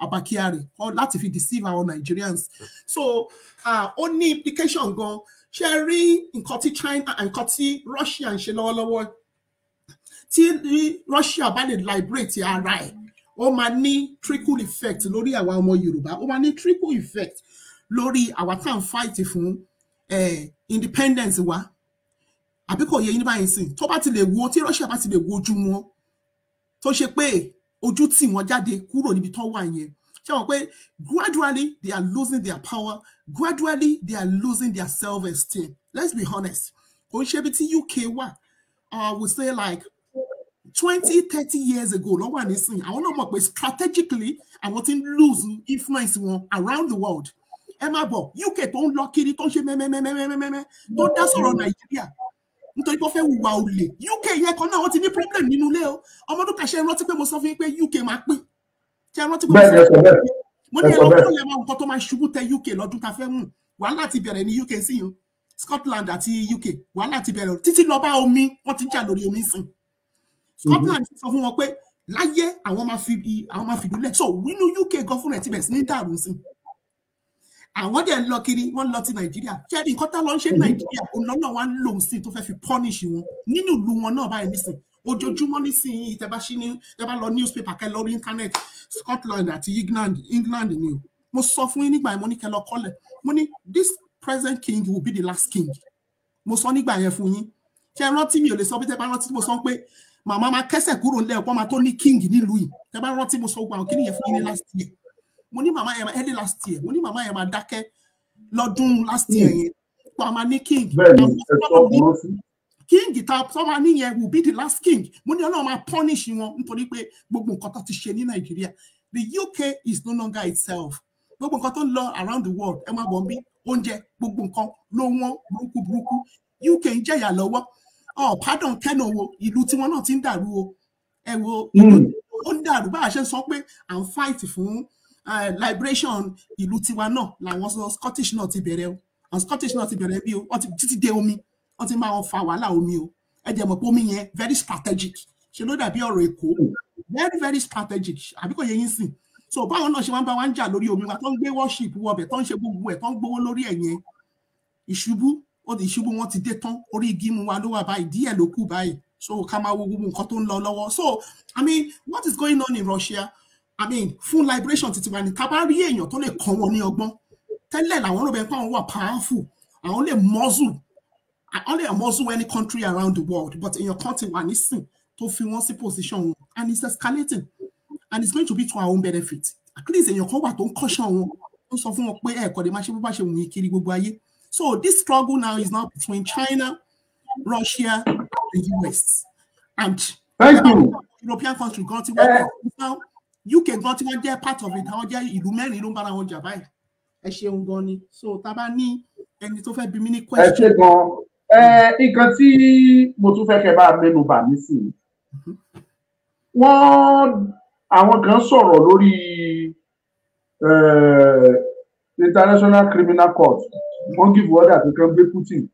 Abba Kyari láti fi deceive our Nigerians so ó ní implication gan ṣe rí nǹkan tí China nǹkan tí Russia ń ṣe lọ́wọ́lọ́wọ́ tí Russia bá lè liberate ara ẹ̀ ó máa ní trickle effect lórí àwa ọmọ Yorùbá ó máa ní trickle effect lórí àwa tá à ń fight fún independence wa àbí kò yẹ yín báyìí sìn tó bá ti lè wo tí Russia bá ti lè wojú wọn tó ṣe pé ojú tì wọ́n jáde kúrò níbi tán wà yẹn ṣé wọn pé gradually they are losing their power gradually they are losing their self-esteem let's be honest kò ń ṣe bí tí UK wà I uh, would say like twenty thirty years ago ló wà nísìnyí àwọn náà mọ̀ pé strategically àwọn ti ń lose influence wọn around the world ẹ má bọ̀ UK tó ń lọ kiri tó ń ṣe mẹ́mẹ́mẹ́mẹ́mẹ́mẹ́ tó dá sọ̀rọ̀ Nàìjíríà nítorí pé ó fẹ́ hùwà olè UK yẹn kan náà wọ́n ti ní problem nínú ilé o ọmọdún kàṣẹ rántí pé mo sọ fún yín pé UK máa pín ṣe rántí pé mo ní ẹlọ́gbọ́n lè máa nǹkan tó máa ṣubú tẹ UK lọ́dún tá a fẹ́ mú wàhálà ti bẹ̀rẹ̀ ní UK sí yẹn Scotland àti UK wàhálà ti bẹ̀rẹ̀ títí lọ bá omi wọ́n ti ń jà lórí omi sìn Scotland sọ fún wọn pé láyé àwọn máa fi àwọn máa fi so nínú UK gọ́fúnrẹ̀ ti sí ní dàrú sí i àwọn dẹ̀ ń lọ kiri wọ́n lọ ti nàìjíríà ṣẹ́ni nǹkan tá lọ ń ṣe ní mhm. nàìjíríà ọlọ́nà wa ń lò sí tó fẹ́ fi punish wọn nínú ìlú wọn náà báyìí nísìn ojoojúmọ́ nísìnyí ìtẹ́bá sí ní ìtẹ́bá lọ newspaper kẹ́ lórí internet Scotland àti England England ni o mo sọ fún yín nígbà yẹn mo ní kẹ́ lọ kọ́lẹ̀ mo ní this present king will be the last king mo sọ nígbà yẹn fún yín ṣe rántí mi ò lè sọ bí tẹ́bá rántí mo sọ pé màmá máa kẹ́sẹ̀ kúrò nílẹ̀ ọ̀pọ̀ máa tó ní king nílùú yìí tẹ́bá rántí mo sọ gbà òkè nìyẹn fún yín ní last year mo ní màmá yẹn early last year mo ní màmá yẹn máa dákẹ́ lọ́dún last year hmm. yẹn pa máa ní king king ta sọ́wọ́n níyẹn will be the last king mo ní ọlọ́run máa punish wọn nítorí pé gbogbo nǹkan tó ti ṣe ní nàìjíríà the UK is no longer itself gbogbo nǹkan tó ń lọ around the world ẹ máa bọ̀ ń bí oúnjẹ gbogbo nǹkan ló wọ́n burúkú burúkú UK ń jẹ̀yà lọ́wọ́ ọ̀ pardon kẹ́nà wo ìlú tiwọn náà ti ń dàrú o ẹ wo ìlú hmm. ó ń dàrú bá a ṣe sọ pé à ń fight fún Eh, liberation ìlú tiwa náà làwọn sọ Scottish náà ti bẹ̀rẹ̀ o and Scottish náà ti bẹ̀rẹ̀ bí o wọ́n ti títí dé omi wọ́n ti máa wọn fa wàhálà omi o ẹ jẹ́ mọ̀ pé omi yẹn very strategic ṣe ló dàbí ọ̀rọ̀ Èkó very very strategic àbí kò yẹ yín sìn so báwọn náà ṣe wá ń bá wa ń jà lórí omi wa tó ń gbé worship wọbẹ̀ tó ń ṣe gbogbo ẹ̀ tó ń gbowó lórí ẹ̀ yẹn ìṣubú ó di ìṣubú wọn ti dé tán orí igi mu wa ló wà báyìí díẹ̀ ló kù báyìí so ká máa wo gbogbo nǹkan tó ń lọ lọ́wọ́ so I mean what is going on in Russia i mean fún liberation títí wa ni tá a bá rí èèyàn tó lè kọ́ wọn ní ọgbọ́n tẹ́lẹ̀ làwọn rò bẹ́ẹ̀ pé àwọn wà powerful àwọn lè muzzle àwọn lè muzzle any country around the world but èèyàn kan ti wà nísìn tó fi wọ́n sí position wọn and it's escalating and it's going to be to our own benefit at least èèyàn kan wà tó ń kọ́ṣọ́ wọn ó sọ fún wọn pé ẹ̀kọ́ lè má ṣe bó bá ṣe wù yín kiri gbogbo ayé so this struggle now is now between China Russia and the US and. Thank you. European countries. gan ti wọ́n eh. kọ́ UK gan tí wọ́n jẹ́ part of it àwọn jẹ́ ìlú mẹ́rin ló ń bára wọn jà báyìí ẹ ṣeun gan ni so tá a bá ní ẹni tó fẹ́ bi mí ní question. ẹ ṣe gan ẹ nǹkan tí mo tún fẹ́ kẹ́ bá mẹ́nu bà mí sí i wọ́n àwọn kan sọ̀rọ̀ lórí International Criminal Court wọ́n give order to kan gbé Putin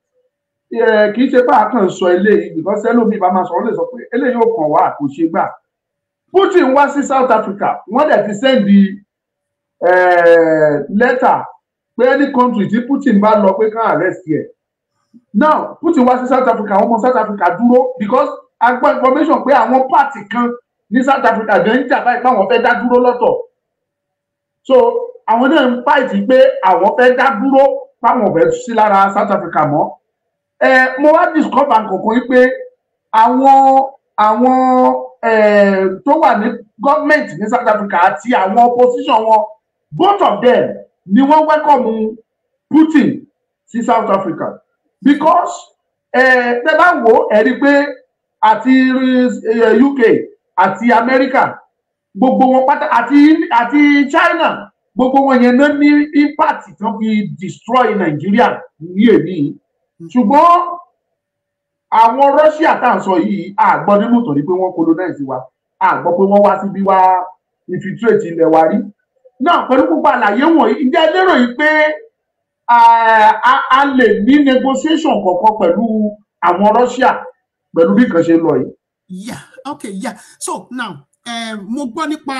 kì í ṣe bá a kàn sọ eléyìí because ẹlòmíì bá máa sọ ọ́ lè sọ pé eléyìí ò kàn wá àkóṣe gbà putin wá sí south africa wọ́n dẹ̀ ti sẹ́ndì eh, lẹ́tà pé any country tí putin bá lọ pé kàn arrest yẹ now putin wá sí south africa àwọn ọmọ south africa dúró because a gbọ́ information pé àwọn party kan ní south africa gan ń jà báyìí pé àwọn fẹ́ dá dúró lọ́tọ̀ so àwọn náà ń fight pé àwọn fẹ́ dá dúró páwọn ò fẹ́ sí lára south africa mọ́ ẹ eh, mo wá discover nǹkan kan pé àwọn àwọn Eh, tó wà ní gọ́ọ̀mẹ̀ntì ní South Africa àti àwọn opposition wọn both of them ni wọ́n welcome Putin sí South Africa because eh, tẹ́ bá wò ẹ rí pé àti eh, UK àti America gbogbo wọn pátá àti àti China gbogbo wọn yẹn náà ní impact tó fi destroy Nàìjíríà ní èmi ṣùgbọ́n àwọn Russia tá à ń sọ yìí àgbọ́ nínú ìtàn ni pé wọ́n colonize wa àgbọ́ pé wọ́n wá síbí wá infiltrate ilẹ̀ wa rí náà pẹ̀lú gbogbo àlàyé wọ̀nyí ǹjẹ́ lérò yìí pé a lè ní negotiation kankan pẹ̀lú àwọn Russia pẹ̀lú bí nǹkan ṣe lọ yìí. yeah okay yeah so now uh, mo gbọ́ nípa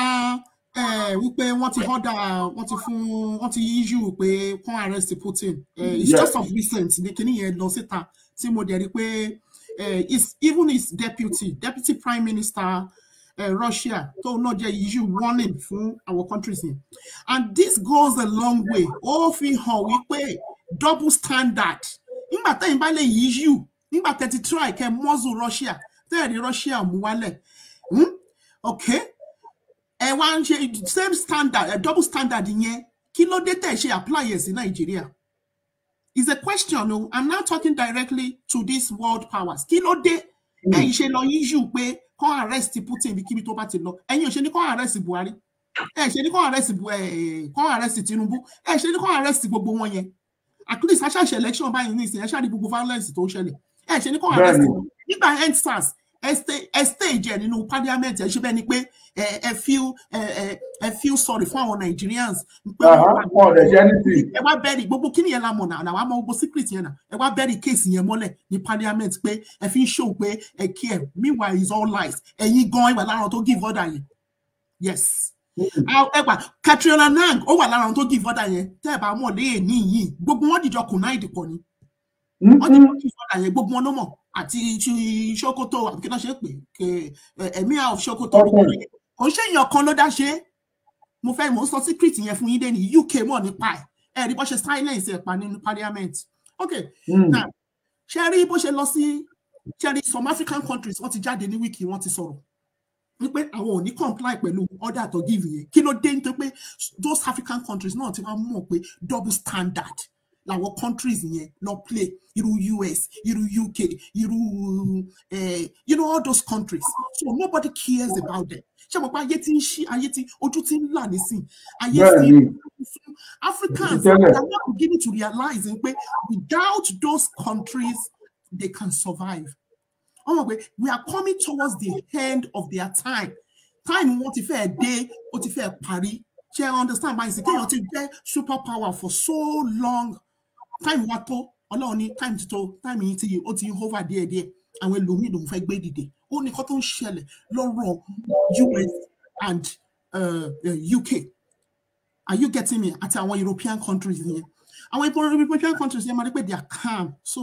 wípé wọ́n ti order wọ́n ti fún wọ́n ti issue pé wọ́n arrest Putin uh, it's just of recent ní kíní yẹn lọ síta tí mo dẹ̀ rí pé eh, even his deputy deputy prime minister uh, Russia tó náà jẹ́ issue warning fún our countries yẹn and this goes a long way ó fi hàn wípé double standard nígbà tẹ́yìn bá lè issue nígbà tẹ́ try kẹ́ muzzle Russia tẹ́ẹ̀ rí Russia mú wálẹ̀ hmm? okay ẹ wá ń ṣe same standard eh, double standard yẹn kí ló dé tẹ̀ ṣe apply yẹn sí Nàìjíríà is a question o oh. i'm now talking directly to these world powers kí ló dé hmm. ẹ̀yin ṣe lọ yíyù pé kọ́ arrest putin ibikíbi tó bá ti lọ ẹ̀yin ò ṣe ní kọ́ arrest buhari ẹ̀ ṣe ní kọ́ arrest eh, kọ́ arrest tinubu ẹ̀ ṣe ní kọ́ arrest gbogbo wọn yẹn at least aṣáṣe election báyìí ní ìsìn ẹ̀ ṣáà ní gbogbo violence tó ń ṣẹlẹ̀ ẹ̀ ṣe ní kọ́ arrest nígbà end sars ẹ stage ẹ nínú parliament ẹ ṣe bẹ́ẹ̀ ni pé ẹ feel ẹ feel sorry fún àwọn Nigerians. ẹ wá bẹ́ẹ̀rì gbogbo kí nìyẹn la mọ̀ náà làwọn àmọ́ gbogbo secret yẹn náà ẹ wá bẹ́ẹ̀rì case yẹn mọ́lẹ̀ ní parliament pé ẹ fi ń show pé ẹ care meanwhile it's all lies ẹ̀yin gan ìwà lára tó give order yẹn yes mm-hmm. ẹgbà Katrina Nang ó wà lára tó give order yẹn tẹ́ ẹ bá mọ̀ léè ní yìí gbogbo wọn dìjọ kùnà ìdìpọ̀ ni mm-hmm. wọn dìjọ give order àti ṣókótó àbíkí náà ṣe pé ẹ̀míà of ṣókótó kò ń ṣèyàn kan ló dá ṣe mo fẹ́ mo ń sọ secret yẹn fún yín dé ní UK mọ̀ nípa ẹ̀ ẹ̀rí bó ṣe silence ẹ̀ pa nínú parliament ok hmm. now ṣe rí bó ṣe lọ sí ṣe rí some African countries wọ́n ti jáde ní wíìkì wọ́n ti sọ̀rọ̀ wípé àwọn ò ní comply pẹ̀lú order to give yẹn kí ló dé nítorí pé those African countries náà ti wá mọ̀ pé double standard Our countries yẹn lọ play irú US irú UK irú uh, you know all those countries so nobody cares about them ṣé mo pa ayé tí ń ṣí Africans are not beginning to realize that without those countries they can survive my God! we are coming towards the end of their time time if ti day? What if ti party? parí I understand by ṣe kéèyàn ti jẹ́ super power for so long Time wa tó ọlọ́run ní táìmù ti tó táìmù yìí ti ó ti ń hover díẹ̀díẹ̀ àwọn ẹlòmíì lòun fẹ́ gbé dìde ó ní kó tó ń ṣẹlẹ̀ lọ́rọ̀ US and uh, UK are you getting me àti àwọn European countries yẹn àwọn European countries yẹn máa rí pé they are calm so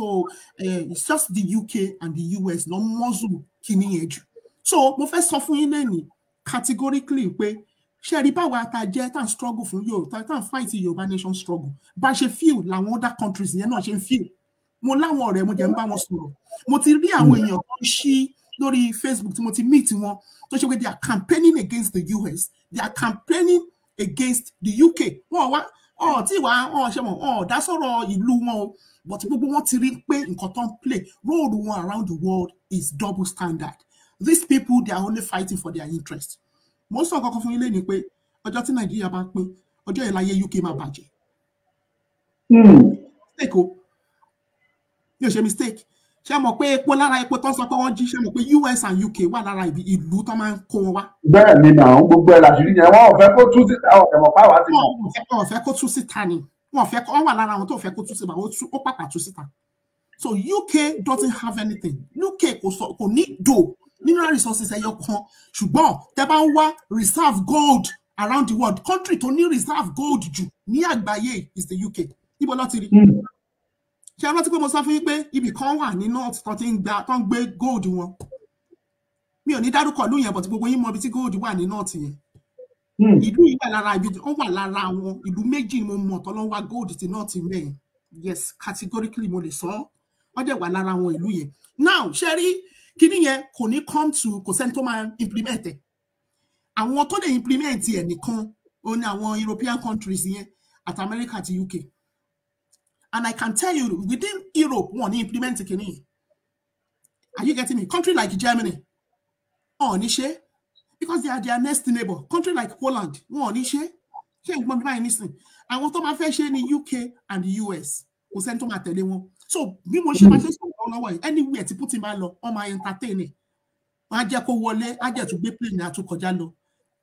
uh, it's just the UK and the US lọ mọ́sùn kìíní yẹn jù so mo fẹ́ sọ fún yín lẹ́nìí categorically pé ṣe rí báwa ta jẹ́ tá n struggle fún yorùbá tá n fight yorùbá nation struggle bá ṣe feel làwọn other countries yẹn náà ṣe ń feel mo láwọn ọ̀rẹ́ mo jẹ́ ń bá wọn sọ̀rọ̀ mo ti rí àwọn hmm. èèyàn kan ṣí lórí facebook tí mo ti meet wọn tó ṣe pé they are campaigning against the us they are campaigning against the uk wọn wá ọ tí wàá ọ ṣe wọn ọ dá sọ̀rọ̀ ìlú wọn o but gbogbo wọn ti rí pé nǹkan tó ń play role one around the world is double standard these people they are only fighting for their interest mo ń sọ nǹkan kan fún ilé ni pé ọjọ́ tí nàìjíríà bá pín ọjọ́ yẹn láyé uk máa bàjẹ́ hmm. mistake o mi ò ṣe mistake ṣé mọ̀ pé epo lára epo tó ń sọ pé wọ́n jí ṣé mọ̀ pé us and uk wà lára ìlú tó máa ń kó wọn wá. bẹ́ẹ̀ ni nà ń gbogbo ẹ̀ làṣírí yẹn wọ́n ò fẹ́ kó tú síta ọ̀fẹ́ mọ̀ páwa ti mọ̀. wọ́n ò fẹ́ kó tú síta ni wọ́n fẹ́ kó wà lára àwọn tó fẹ́ kó tú síta ó pàpà tú síta so uk doesn't have anything uk kò ní dò mineral resources ẹyọ kan ṣùgbọ́n tẹ bá ń wá reserve gold around the world country tó ní reserve gold jù ní àgbáyé is the UK ibo ló ti rí hmm. ṣe ẹ rántí pé mo sọ fún yín pé ibì kan wà ní north tó ti ń gba tó ń gbé gold wọn mi ò ní dárúkọ ìlú yẹn but gbogbo yín mọ ibi tí gold wà ní north yẹn hmm. ìlú yìí wà lára ibi ó wà lára àwọn ìlú méjì mo mọ tọ́lọ́ wá gold ti north mẹ́yìn yes categorically mo lè sọ ọ́ dẹ̀ wà lára àwọn ìlú yẹn now ṣe rí kíní yẹn kò ní come to kò sẹ́ni tó máa implement ẹ̀ àwọn tó lè implement ẹ̀ nìkan ó ní àwọn European countries yẹn àti America àti UK and I can tell you within Europe wọn ní implement kíní yẹn are you getting me country like Germany wọn ò ní ṣe because they are their next neighbor country like Poland wọn ò ní ṣe ṣé n gbọ́n bí báyìí nísìn àwọn tó máa fẹ́ ṣe ní UK and US kò sẹ́ni tó máa tẹ̀lé wọn so bí mo ṣe máa ṣe sọ lọ́wọ́ lọ́wọ́ yìí anywhere tí Putin bá lọ wọ́n máa entertain ẹ̀ wọ́n á jẹ́ kó wọlé á jẹ́ tún gbé plane àtúkọjá lọ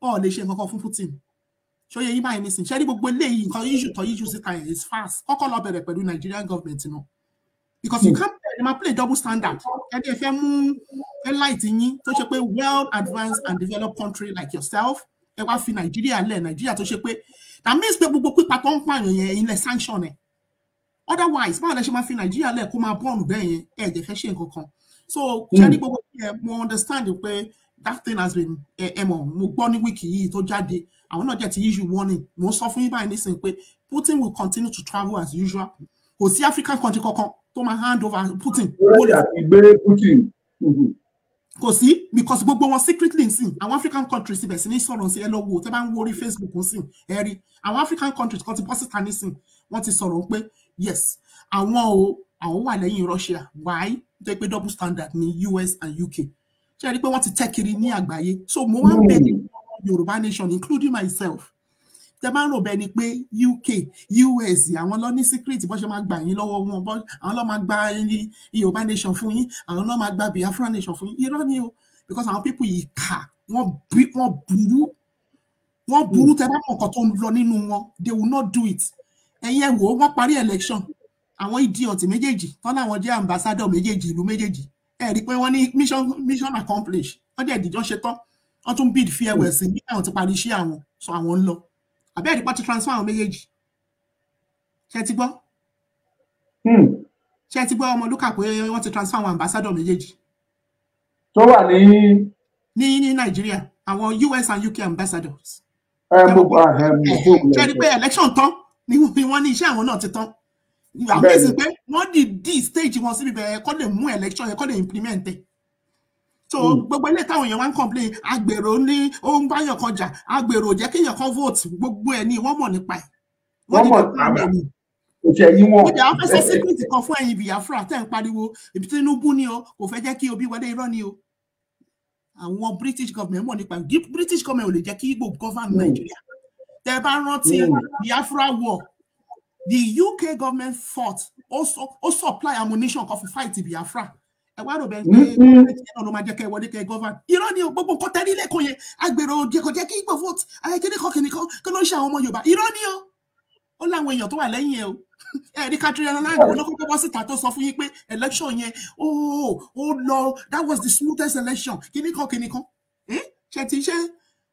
ọ̀ lè ṣe nǹkan kan fún Putin ṣó yẹ yín báyìí nísìnyí ṣe rí gbogbo eléyìí nǹkan issue tó issue síta yẹn is fast kọ́kọ́ lọ bẹ̀rẹ̀ pẹ̀lú Nigerian government náà because you hmm. can't play ma play double standard ẹni ẹ fẹ́ mú ẹ láìtì yín tó ṣe pé well advanced and developed country like yourself ẹ wá fi Nigeria lẹ̀ Nigeria tó ṣe pé that means pé gbogbo pípa tó ń pààyàn yẹn ilẹ̀ sanction ẹ̀ otherwise báwo lẹ ṣe máa fi nàìjíríà lẹ kó máa bọ́ọ̀nù bẹ́ẹ̀ yẹn ẹ jẹ́ fẹ́ ṣe nǹkan kan so ṣe ní hmm. gbogbo ẹ mo understand pé that thing has been ẹ ẹ mọ mo gbọ́ ní wíìkì yìí tó jáde àwọn náà jẹ́ ti issue warning mo sọ fún yín báyìí nísìnyí pé Putin will continue to travel as usual kò sí African country kankan tó máa hand over Putin. wọ́n yà ti gbé Putin. Mhm. kò sí because gbogbo wọn secretly nsìn àwọn African countries ibẹ̀ sí ní sọ̀rọ̀ sí ẹ lọ wo tẹ́ bá ń wo orí Facebook nsìn ẹ rí àwọn African countries kan ti bọ́ síta nísìn wọ́n ti sọ̀rọ̀ pé yes àwọn o àwọn wà lẹ́yìn Russia why jẹ́ pé double standard ní US and UK ṣe rí i pé wọ́n ti tẹ́ kiri ní àgbáyé so mo wá ń ní Yorùbá nation including myself tẹ máa ń rò bẹ́ẹ̀ pé UK US àwọn lọ ní secret bó ṣe máa gbà yín lọ́wọ́ wọn bó àwọn lọ máa gba Yorùbá nation fún yín àwọn lọ máa gba Biafra nation fún yín irọ́ ni o because àwọn people yìí kà wọ́n burú wọ́n burú hmm. tẹ bá mọ̀ nǹkan tó ń lọ nínú wọn they will not do it ẹ̀yin ẹ wò ó wọ́n parí election àwọn idiot méjèèjì tán láwọn jẹ́ ambassador méjèèjì ìlú méjèèjì ẹ rí i pé wọ́n ní mission mission accomplished wọ́n dẹ̀ dìjọ́ ṣe tán wọ́n tún bid farewell sí nígbà wọ́n ti parí iṣẹ́ àwọn sọ àwọn ń lọ àbẹ́ẹ̀rí pọ́n ti transfer àwọn méjèèjì ṣe ti gbọ́ hmm. ṣe ti gbọ́ Ọmọlúkà pé wọ́n ti transfer àwọn ambassador méjèèjì. tó wà ní. ní ní Nàìjíríà àwọn US and UK ambassadors. Eh, eh, ẹ mo bọ ẹ mo ṣe ni pé election tán ni wọ́n ní iṣẹ́ àwọn náà ti tán àmì pé wọ́n di di stage wọn síbi bẹ́ẹ̀ kọ́ lè mú election yẹn kọ́ lè implement so hmm. gbogbo ilé táwọn èèyàn wá ń complain agbèrò ní ó ń báyọ̀ kan jà agbèrò jẹ́ kéèyàn kan vote gbogbo ẹ̀ ní wọ́n mọ̀ nípa ẹ̀ wọ́n ní kọ́kọ́ àmọ̀ ni òṣè yín wọn. ìjà wọn fẹ́ sọ secret kan fún ẹ̀yin Biafra tẹ́ ń pariwo ibi Tinubu ni o kò fẹ́ jẹ́ kí obi wọlé irọ́ ni o àwọn British government mọ̀ nípa British government ò lè jẹ́ kí Igbo govern hmm. Nigeria tẹ bá rántí hmm. biafra war the uk government fought also also supply ammunition for fi fight biafra ẹ wá rò bẹ́ẹ̀ pé hmm. ẹ náà ló máa jẹ́ kẹ́ wọlé kẹ́ govern irọ́ ni gbogbo nǹkan tẹ́lí lẹ́kọ̀ọ́ yẹn agbèrò jẹ́kọ̀jẹ́ kí gbọ̀ vote ayẹkẹ́lẹ́ kan kìnìkan kí ló ń ṣe àwọn ọmọ yorùbá irọ́ ni o ó láwọn èèyàn tó wà lẹ́yìn ẹ o ẹ̀rí Katrina Nanago ló kọ́kọ́ bọ́ síta tó sọ fún yín pé election yẹn ó ó lọ that was the smoothest election kìnìkan kìnìkan ṣe ti ṣe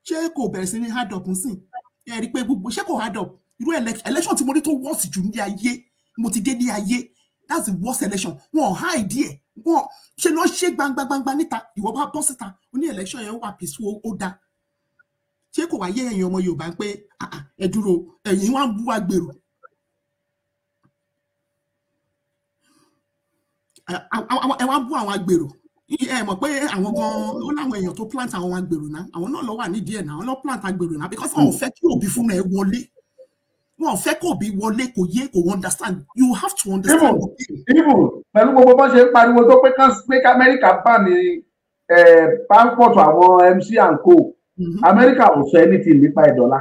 ṣe kò bẹ̀rẹ̀ sí ní hard up nsìn ẹ rí i pé gbogbo ṣé kò hard up irú election tí mo rí tó worst jù ní ayé mo ti dé ní ayé that's the worst election wọn ò hide ẹ wọn ṣe lọ ṣe gbangba gbangba níta ìwọ bá bọ́ síta ó ní election yẹn wà peaceful ó dáa ṣé kò wáyé ẹ̀yin ọmọ Yorùbá pé ẹ dúró ẹ̀yin wá ń bú agbèrò ẹ wá ń bú àwọn agbèrò ẹ mọ̀ pé àwọn gan ó láwọn èèyàn tó plant àwọn agbèrò náà àwọn náà lọ wà nídìí ẹ̀ náà àwọn lọ plant agbèrò náà because wọn ò hmm. fẹ́ kí òbí fúnra ẹ wọlé wọn ò fẹ́ kí òbí wọlé kò yé kò understand you have to understand. ibo pẹ̀lú gbogbo bó ṣe ń pariwo tó pé pé kí amẹ́ríkà bá ní páńpọ̀tù àwọn mc and co mm-hmm. amẹ́ríkà ò sọ anything nípa ẹ̀ dọ́là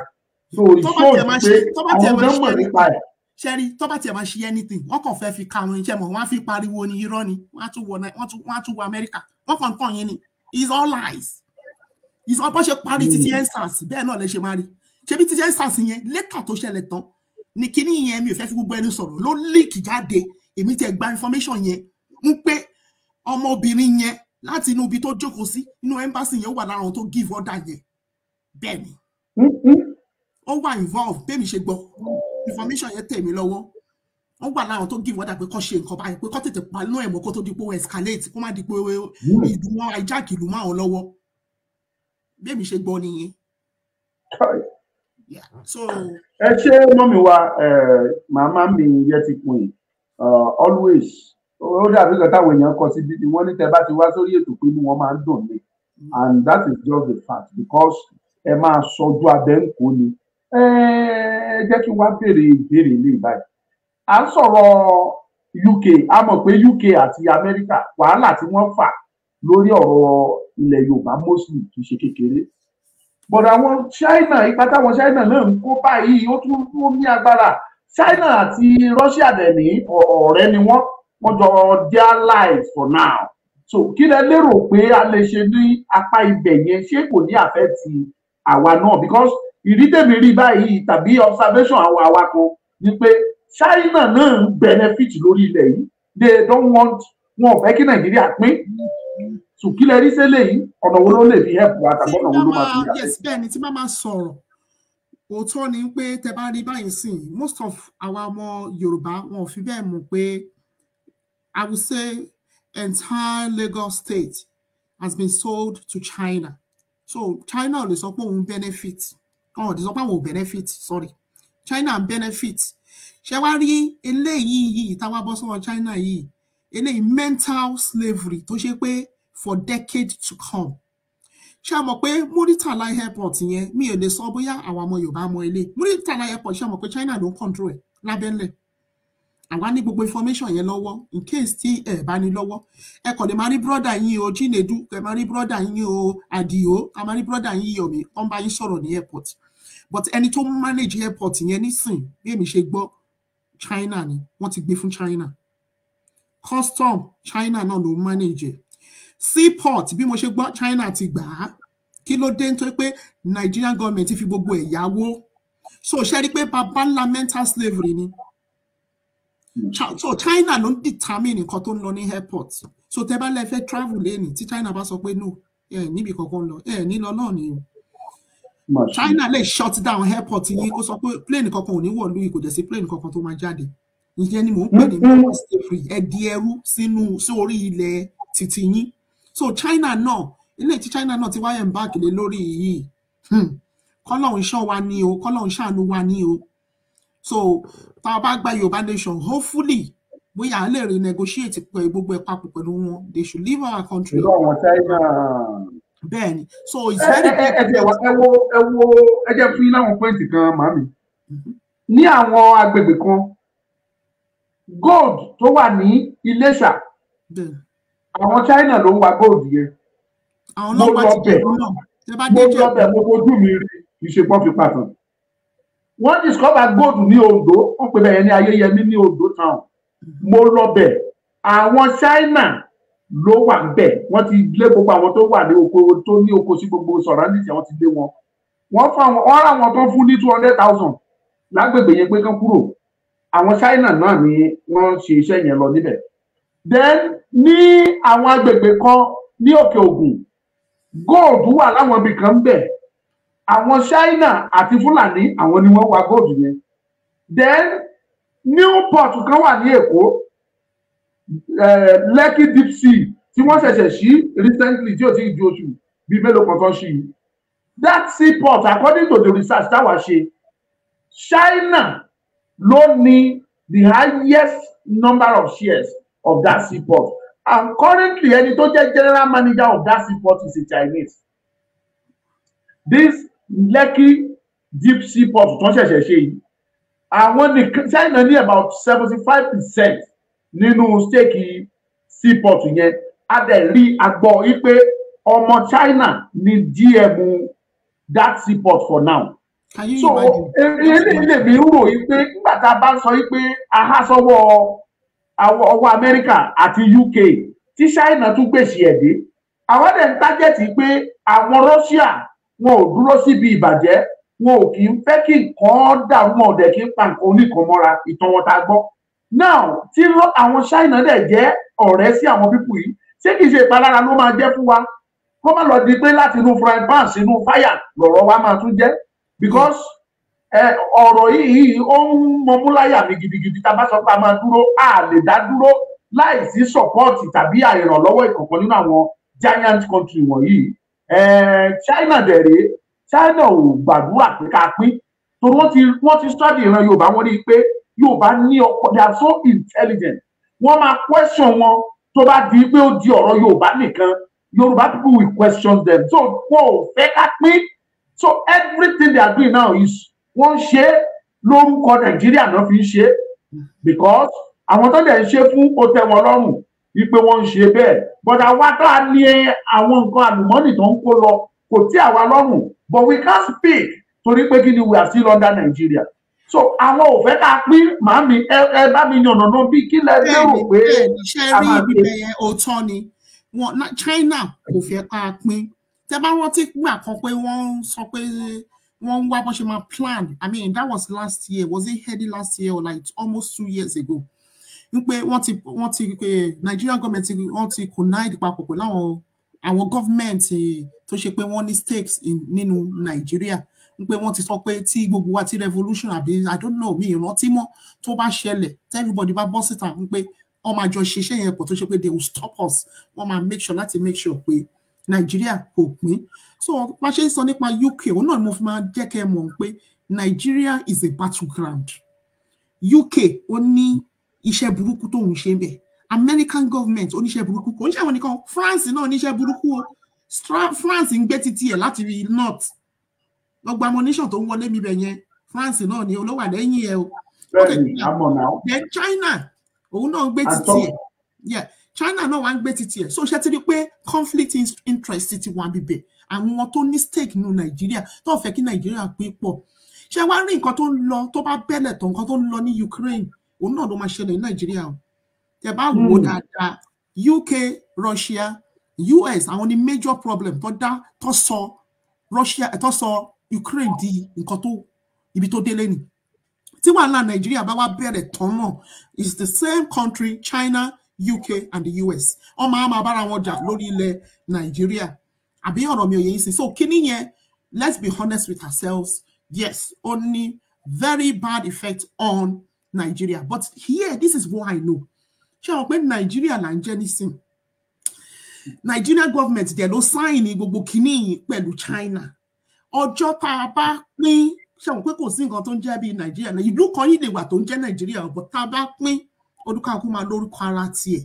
so it shows pé àwọn ọmọdé mọ̀ nípa ẹ̀ ṣẹ́rí tó bá tiẹ̀ máa ṣe anything wọ́n kàn fẹ́ẹ́ fi ka àwọn iṣẹ́ mọ̀ wọ́n á fi pariwo ni irọ́ ni wọ́n á tún wọ wọ́n á tún wọ Amẹ́ríkà wọ́n kàn tàn yín ni it's all lies it's all bó ṣe parí títí hmm. ensars bẹ́ẹ̀ náà lè ṣe máa rí ṣebí títí ensars yẹn lẹ́tà tó ṣẹlẹ̀ tán ni kíní yẹn mi ò fẹ́ fi gbogbo ẹni sọ̀rọ̀ ló leak jáde èmi tiẹ̀ gba information yẹn ń pé ọmọbìnrin yẹn láti inú ibi tó jókòó sí inú embassy yẹn wà lára àwọn tó give order yẹn bẹ́ẹ̀ ni hmm, hmm. ó wà involve bẹ́ẹ̀ mi ṣe gbọ́ information yẹn tẹ̀ mí lọ́wọ́ wọ́n gbà láwọn tó give order pé kọ́ ṣe nǹkan báyìí pé kọ́ tètè pa lóyè mọ́ kó tó di pé ó escalate kó má di pé ìdúró hijack ìlú wọn lọ́wọ́ bí ṣe gbọ́ nìyẹn. ẹ ṣe mọ́mí wa màmá mi yẹ ti pin always ó dàbí kan táwọn èèyàn kọ síbi ni wọ́n ní tẹ́ bá ti wá sórí ètò pé inú máa ń dùn mí and that is just the fact because ẹ máa sọjú abẹ́ ń kó ni ẹ jẹ́ kí n wá béèrè ìbéèrè ilé ìbáyìí à ń sọ̀rọ̀ UK a mọ̀ pé UK àti Amẹ́ríkà wàhálà tí wọ́n fà lórí ọ̀rọ̀ ilẹ̀ Yorùbá mostly kì í ṣe kékeré but àwọn China ipa táwọn China náà ń kó báyìí ó tún ó ní agbára China àti Russia dẹ̀ ní ọ̀rẹ́ ni wọ́n wọ́n jọ jẹ́ allies for now so kí lẹ lérò pé a lè ṣe ní apá ibẹ̀ yẹn ṣé kò ní àfẹ́ ti àwa náà because ìrídèmí rí báyìí tàbí observation àwọn awakọ̀ ni pé China náà ń benefit lórí ilẹ̀ yìí they don't want wọn ò fẹ́ kí Nàìjíríà pín sùkílẹ̀ rí sẹ́lẹ̀ yìí ọ̀nà wo ló lè fi help wa tàbí ọ̀nà wo ló máa fi yà. yes bẹ́ẹ̀ ni tí máa máa sọ̀rọ̀ òótọ́ ni pé tẹ bá rí báyìí sìn most of àwa ọmọ Yorùbá wọn ò fi bẹ́ẹ̀ mọ̀ pé I would say entire Lagos state has been sold to China so China ò lè sọ pé òun benefit wọn ò dé sọ benefit sorry China ń benefit ṣé wá rí eléyìí yìí táwa bọ́ sọ́wọ́ China yìí eléyìí mental slavery tó ṣe pé for decade to come ṣé a mọ̀ pé Muritala airport yẹn mi ò lè sọ bóyá àwọn ọmọ Yorùbá mọ ilé Muritala airport ṣé a pé China ló ń control ẹ̀ lábẹ́lẹ̀ àwa ní gbogbo information yẹn lọ́wọ́ in case tí ẹ bá ní lọ́wọ́ ẹ kàn lè máa rí brọ́dà yín o Chinedu ẹ máa rí brọ́dà yín o Àdìó ẹ máa rí brọ́dà yín Yomi wọ́n yín sọ̀rọ̀ ní airport but ẹni tó manage airport yẹn nísìn bí èmi ṣe gbọ́ China ni wọ́n ti gbé fún China custom China náà ló manage ẹ̀ seaport bí mo ṣe gbọ́ China ti gbà á kí ló dé nítorí pé Nigerian government ti fi gbogbo ẹ̀yáwó so ṣe rí i pé baba ńlá mental slavery ni so China ló ń determine nǹkan tó ń lọ ní airport so tẹ bá lẹ fẹ́ travel lẹ́nìí tí China bá sọ pé no ẹ níbi kankan lọ ẹ ní lọ náà ni o China lè shut down airport yín kó sọ pé plane kankan ò ní wọ̀lú yìí kò dẹ̀ sí plane kankan tó máa jáde ìyẹn ni mò ń pè ní mobile mm-hmm. stay free ẹ di ẹrú sínú sórí ilẹ̀ títí yín so China náà ilé tí China náà ti wáyé ń báàkì lé lórí yìí hmm. kọ́lọ́hún ṣọ́ wa ní o kọ́lọ́hún ṣàánú wa ní o so tá a bá gba Yorùbá nation hopefully bóyá a lè renegotiate pẹ̀lú gbogbo ẹ̀ papọ̀ pẹ̀lú wọn they should leave our country. ìrọ̀ wọn China bẹ́ẹ̀ni so it's very important. ẹ wo ẹ wo ẹ wo ẹ jẹ́ fún yín láwọn pọ́ìntì kan màmí mm-hmm. ní àwọn agbègbè kan gold tó wà ní Iléṣà àwọn China ló ń wa gold yẹn mo lọ bẹ̀ mo lọ bẹ̀ mo fojú mi rí ìṣepọ̀ fi pàtàn wọ́n discover gold ní Ondo wọ́n pè bẹ́ẹ̀ ní Ayéyẹmí ní Ondo town mm-hmm. mo lọ bẹ̀ àwọn China ló wà níbẹ̀ wọ́n ti lé gbogbo àwọn tó wà ní oko tó ní oko sí gbogbo sọ̀rọ̀ǹdìsì àwọn ti lé wọn wọ́n fáwọn wọ́n rà wọn tó fún ní two hundred thousand lágbègbè yẹn pé kán kúrò àwọn China náà ni wọ́n ṣe iṣẹ́ yẹn lọ níbẹ̀ then ní àwọn agbègbè kan ní òkè ògùn gold wà láwọn ibì kan bẹ̀ àwọn China àti Fúlàní àwọn ni wọ́n wá gold yẹn then Newport kan wà ní Èkó Eh, Lekki deep sea tí wọ́n ṣẹ̀ṣẹ̀ ṣí recently tí ò tí ì ju oṣù bíi mélòó kan tán ṣí i that seaport according to the research táwa ṣe China ló ní the highest number of shares of that seaport and currently ẹni tó jẹ́ general manager of that seaport is a Chinese this Lekki deep seaport tó ṣẹ̀ṣẹ̀ ṣe yìí àwọn ní China ní about seventy five percent nínú stéèkì seaport yẹn a dẹ̀ rí agbọ́ wípé ọmọ China ni dm that seaport for now so eléyìí lè mi rò wípé nígbà tá a bá sọ wípé a há sọ́wọ́ ọwọ́ Amẹ́ríkà àti UK tí China tún gbèsè ẹ̀ dé àwọn dẹ̀ ń tájẹ̀tì pé àwọn Russia wọn ò dúró síbi ìbàjẹ́ wọn ò kì í fẹ́ kí nǹkan dàrú wọn ò dẹ̀ kí n pa nǹkan oníkan mọ́ra ìtàn wọn gbọ́ now tí àwọn ṣáínà dẹ̀ jẹ́ ọ̀rẹ́ sí àwọn pípù yìí ṣé kìí ṣe ìpalára ló máa jẹ́ fún wa kó má lọ di pé láti inú frying pan sínú fáyà lọ̀rọ̀ wa máa tún jẹ́ because ọ̀rọ̀ yìí ó ń mọmúláyà mi gidigidi tá a bá sọ pé a máa dúró a lè dá dúró láì sí sọpọ́ọ̀tì tàbí àìrànlọ́wọ́ ìkọ̀kan nínú àwọn giant country wọ̀nyí China dẹ̀rẹ̀ China ò gbàdúrà pé ká pín torí wọ́n ti wọ́n ti study ìran Yorùbá wọ́n rí pé Yorùbá ní ọpọlọ they are so intelligent wọ́n máa question wọn tó bá di pé ó di ọ̀rọ̀ Yorùbá nìkan Yorùbá people will question them so wọn ò fẹ́ ká pín so everything they are doing now is wọ́n ṣe lórúkọ Nàìjíríà náà fi ń ṣe because àwọn tó dẹ̀ ń ṣe fún ó tẹ́ wọn lọ́rùn wípé wọ́n ń ṣe bẹ́ẹ̀ but àwa tá a ní àwọn nǹkan àlùmọ́nì tó ń kó lọ kò tí àwa lọ́rùn but we can't speak torí pé kí ni we are still under Nigeria so àwọn ò fẹ́ ká pín màámi ẹ ẹ bá mi yànnà náà bí kí lẹ lérò pé a máa pín. ṣé rí ibẹ̀ yẹn òótọ́ ni China kò fẹ́ ká pín tẹ bá rántí gbà kan pé wọ́n sọ pé wọ́n ń wá bó ṣe máa plan i mean that was last year was it heady last year or like almost two years ago wípé wọ́n ti wọ́n ti pé Nigerian government ti wọ́n ti connide papọ̀ pẹ̀lú àwọn àwọn government tó ṣe pé wọ́n ní stakes nínú Nàìjíríà pé wọ́n ti sọ pé tí gbogbo wa ti revolution àbí i don't know mi ìrántí mọ́ tó bá ṣẹlẹ̀ everybody bá bọ́ síta ń pé wọ́n máa jọ ṣiṣẹ́ yẹn pọ̀ tó ṣe pé they will stop us wọ́n máa make sure láti make sure pé nàìjíríà kò pín so bá ṣe ń sọ nípa UK òun náà ni mo fi máa jẹ́ kẹ́ ẹ mọ̀ pé Nigeria is a battleground UK ó ní iṣẹ́ burúkú tóun ṣe bẹ̀ American government oníṣẹ́ burúkú kò ń ṣe àwọn nìkan France náà oníṣẹ́ burúkú o France ń gbé títí ẹ̀ láti rí north gbogbo ammunition tó ń wọlé mi bẹ̀ yẹn France náà ni olówà lẹ́yìn ẹ o. then China òun náà ń gbé títì ẹ̀ China náà wá ń gbé títì ẹ̀ so ṣe ti rí pé conflict interest ti wà bíbẹ̀ àwọn tó ní stake nínú Nàìjíríà tó fẹ́ kí Nàìjíríà pín pọ̀ ṣé wàá rí nǹkan tó ń lọ tó bá bẹ́lẹ̀ tó nǹkan tó ń lọ ní Ukraine òun náà ló máa ṣẹlẹ̀ ní Nàìjíríà o tẹ bá wò hmm. dáadáa UK Russia US àwọn ni major problem tó dá tó sọ Russia tó sọ Ukraine di nǹkan tó ibi tó délé ni tí wàhálà Nàìjíríà bá wá bẹ̀rẹ̀ tán náà is the same country China UK and the US ọmọ àmà bára wọn jà lórí ilẹ̀ Nàìjíríà àbí ọ̀rọ̀ mi ò yẹ yín sí so kíní yẹn let's be honest with ourselves yes ó ní very bad effect on Nigeria but here this is what I know ṣé àwọn pé Nàìjíríà là ń jẹ́ nísìn Nigeria government dẹ̀ ló sáìn ní gbogbo kíní yìí China ọjọ́ tá a bá pín ṣẹ̀wọ̀n pé kò sí nǹkan tó ń jẹ́ bíi nàìjíríà náà ìlú kan yìí lè wà tó ń jẹ́ nàìjíríà ọ̀bọ̀ tá a bá pín olúkàkú máa lórúkọ ara tiẹ̀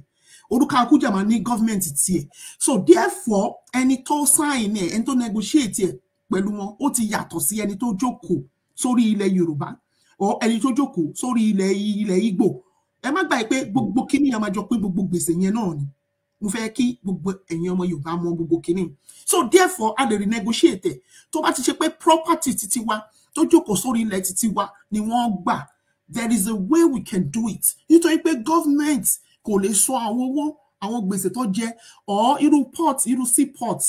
olúkàkú jẹ̀ máa ní gọ́fìmẹ̀ntì tiẹ̀ so therefore ẹni tó sáìn ẹ̀ ẹni tó negotiate ẹ̀ pẹ̀lú wọn ó ti yàtọ̀ sí ẹni tó jókòó sórí ilẹ̀ yorùbá ọ ẹni tó jókòó sórí ilẹ̀ ilẹ̀ ìgbò ẹ má gbà pé gbogbo kíní yẹn máa jọ mo fẹ́ kí gbogbo ẹ̀yin ọmọ Yorùbá mọ gbogbo kínní so therefore a lè renegotiate tó bá ti ṣe pé property titi wa tó jókòó sórí ilẹ̀ titi wa ni wọ́n gbà there is a way we can do it nítorí pé government kò lè sọ àwọn owó àwọn gbèsè tó jẹ ọ irú port irú seaport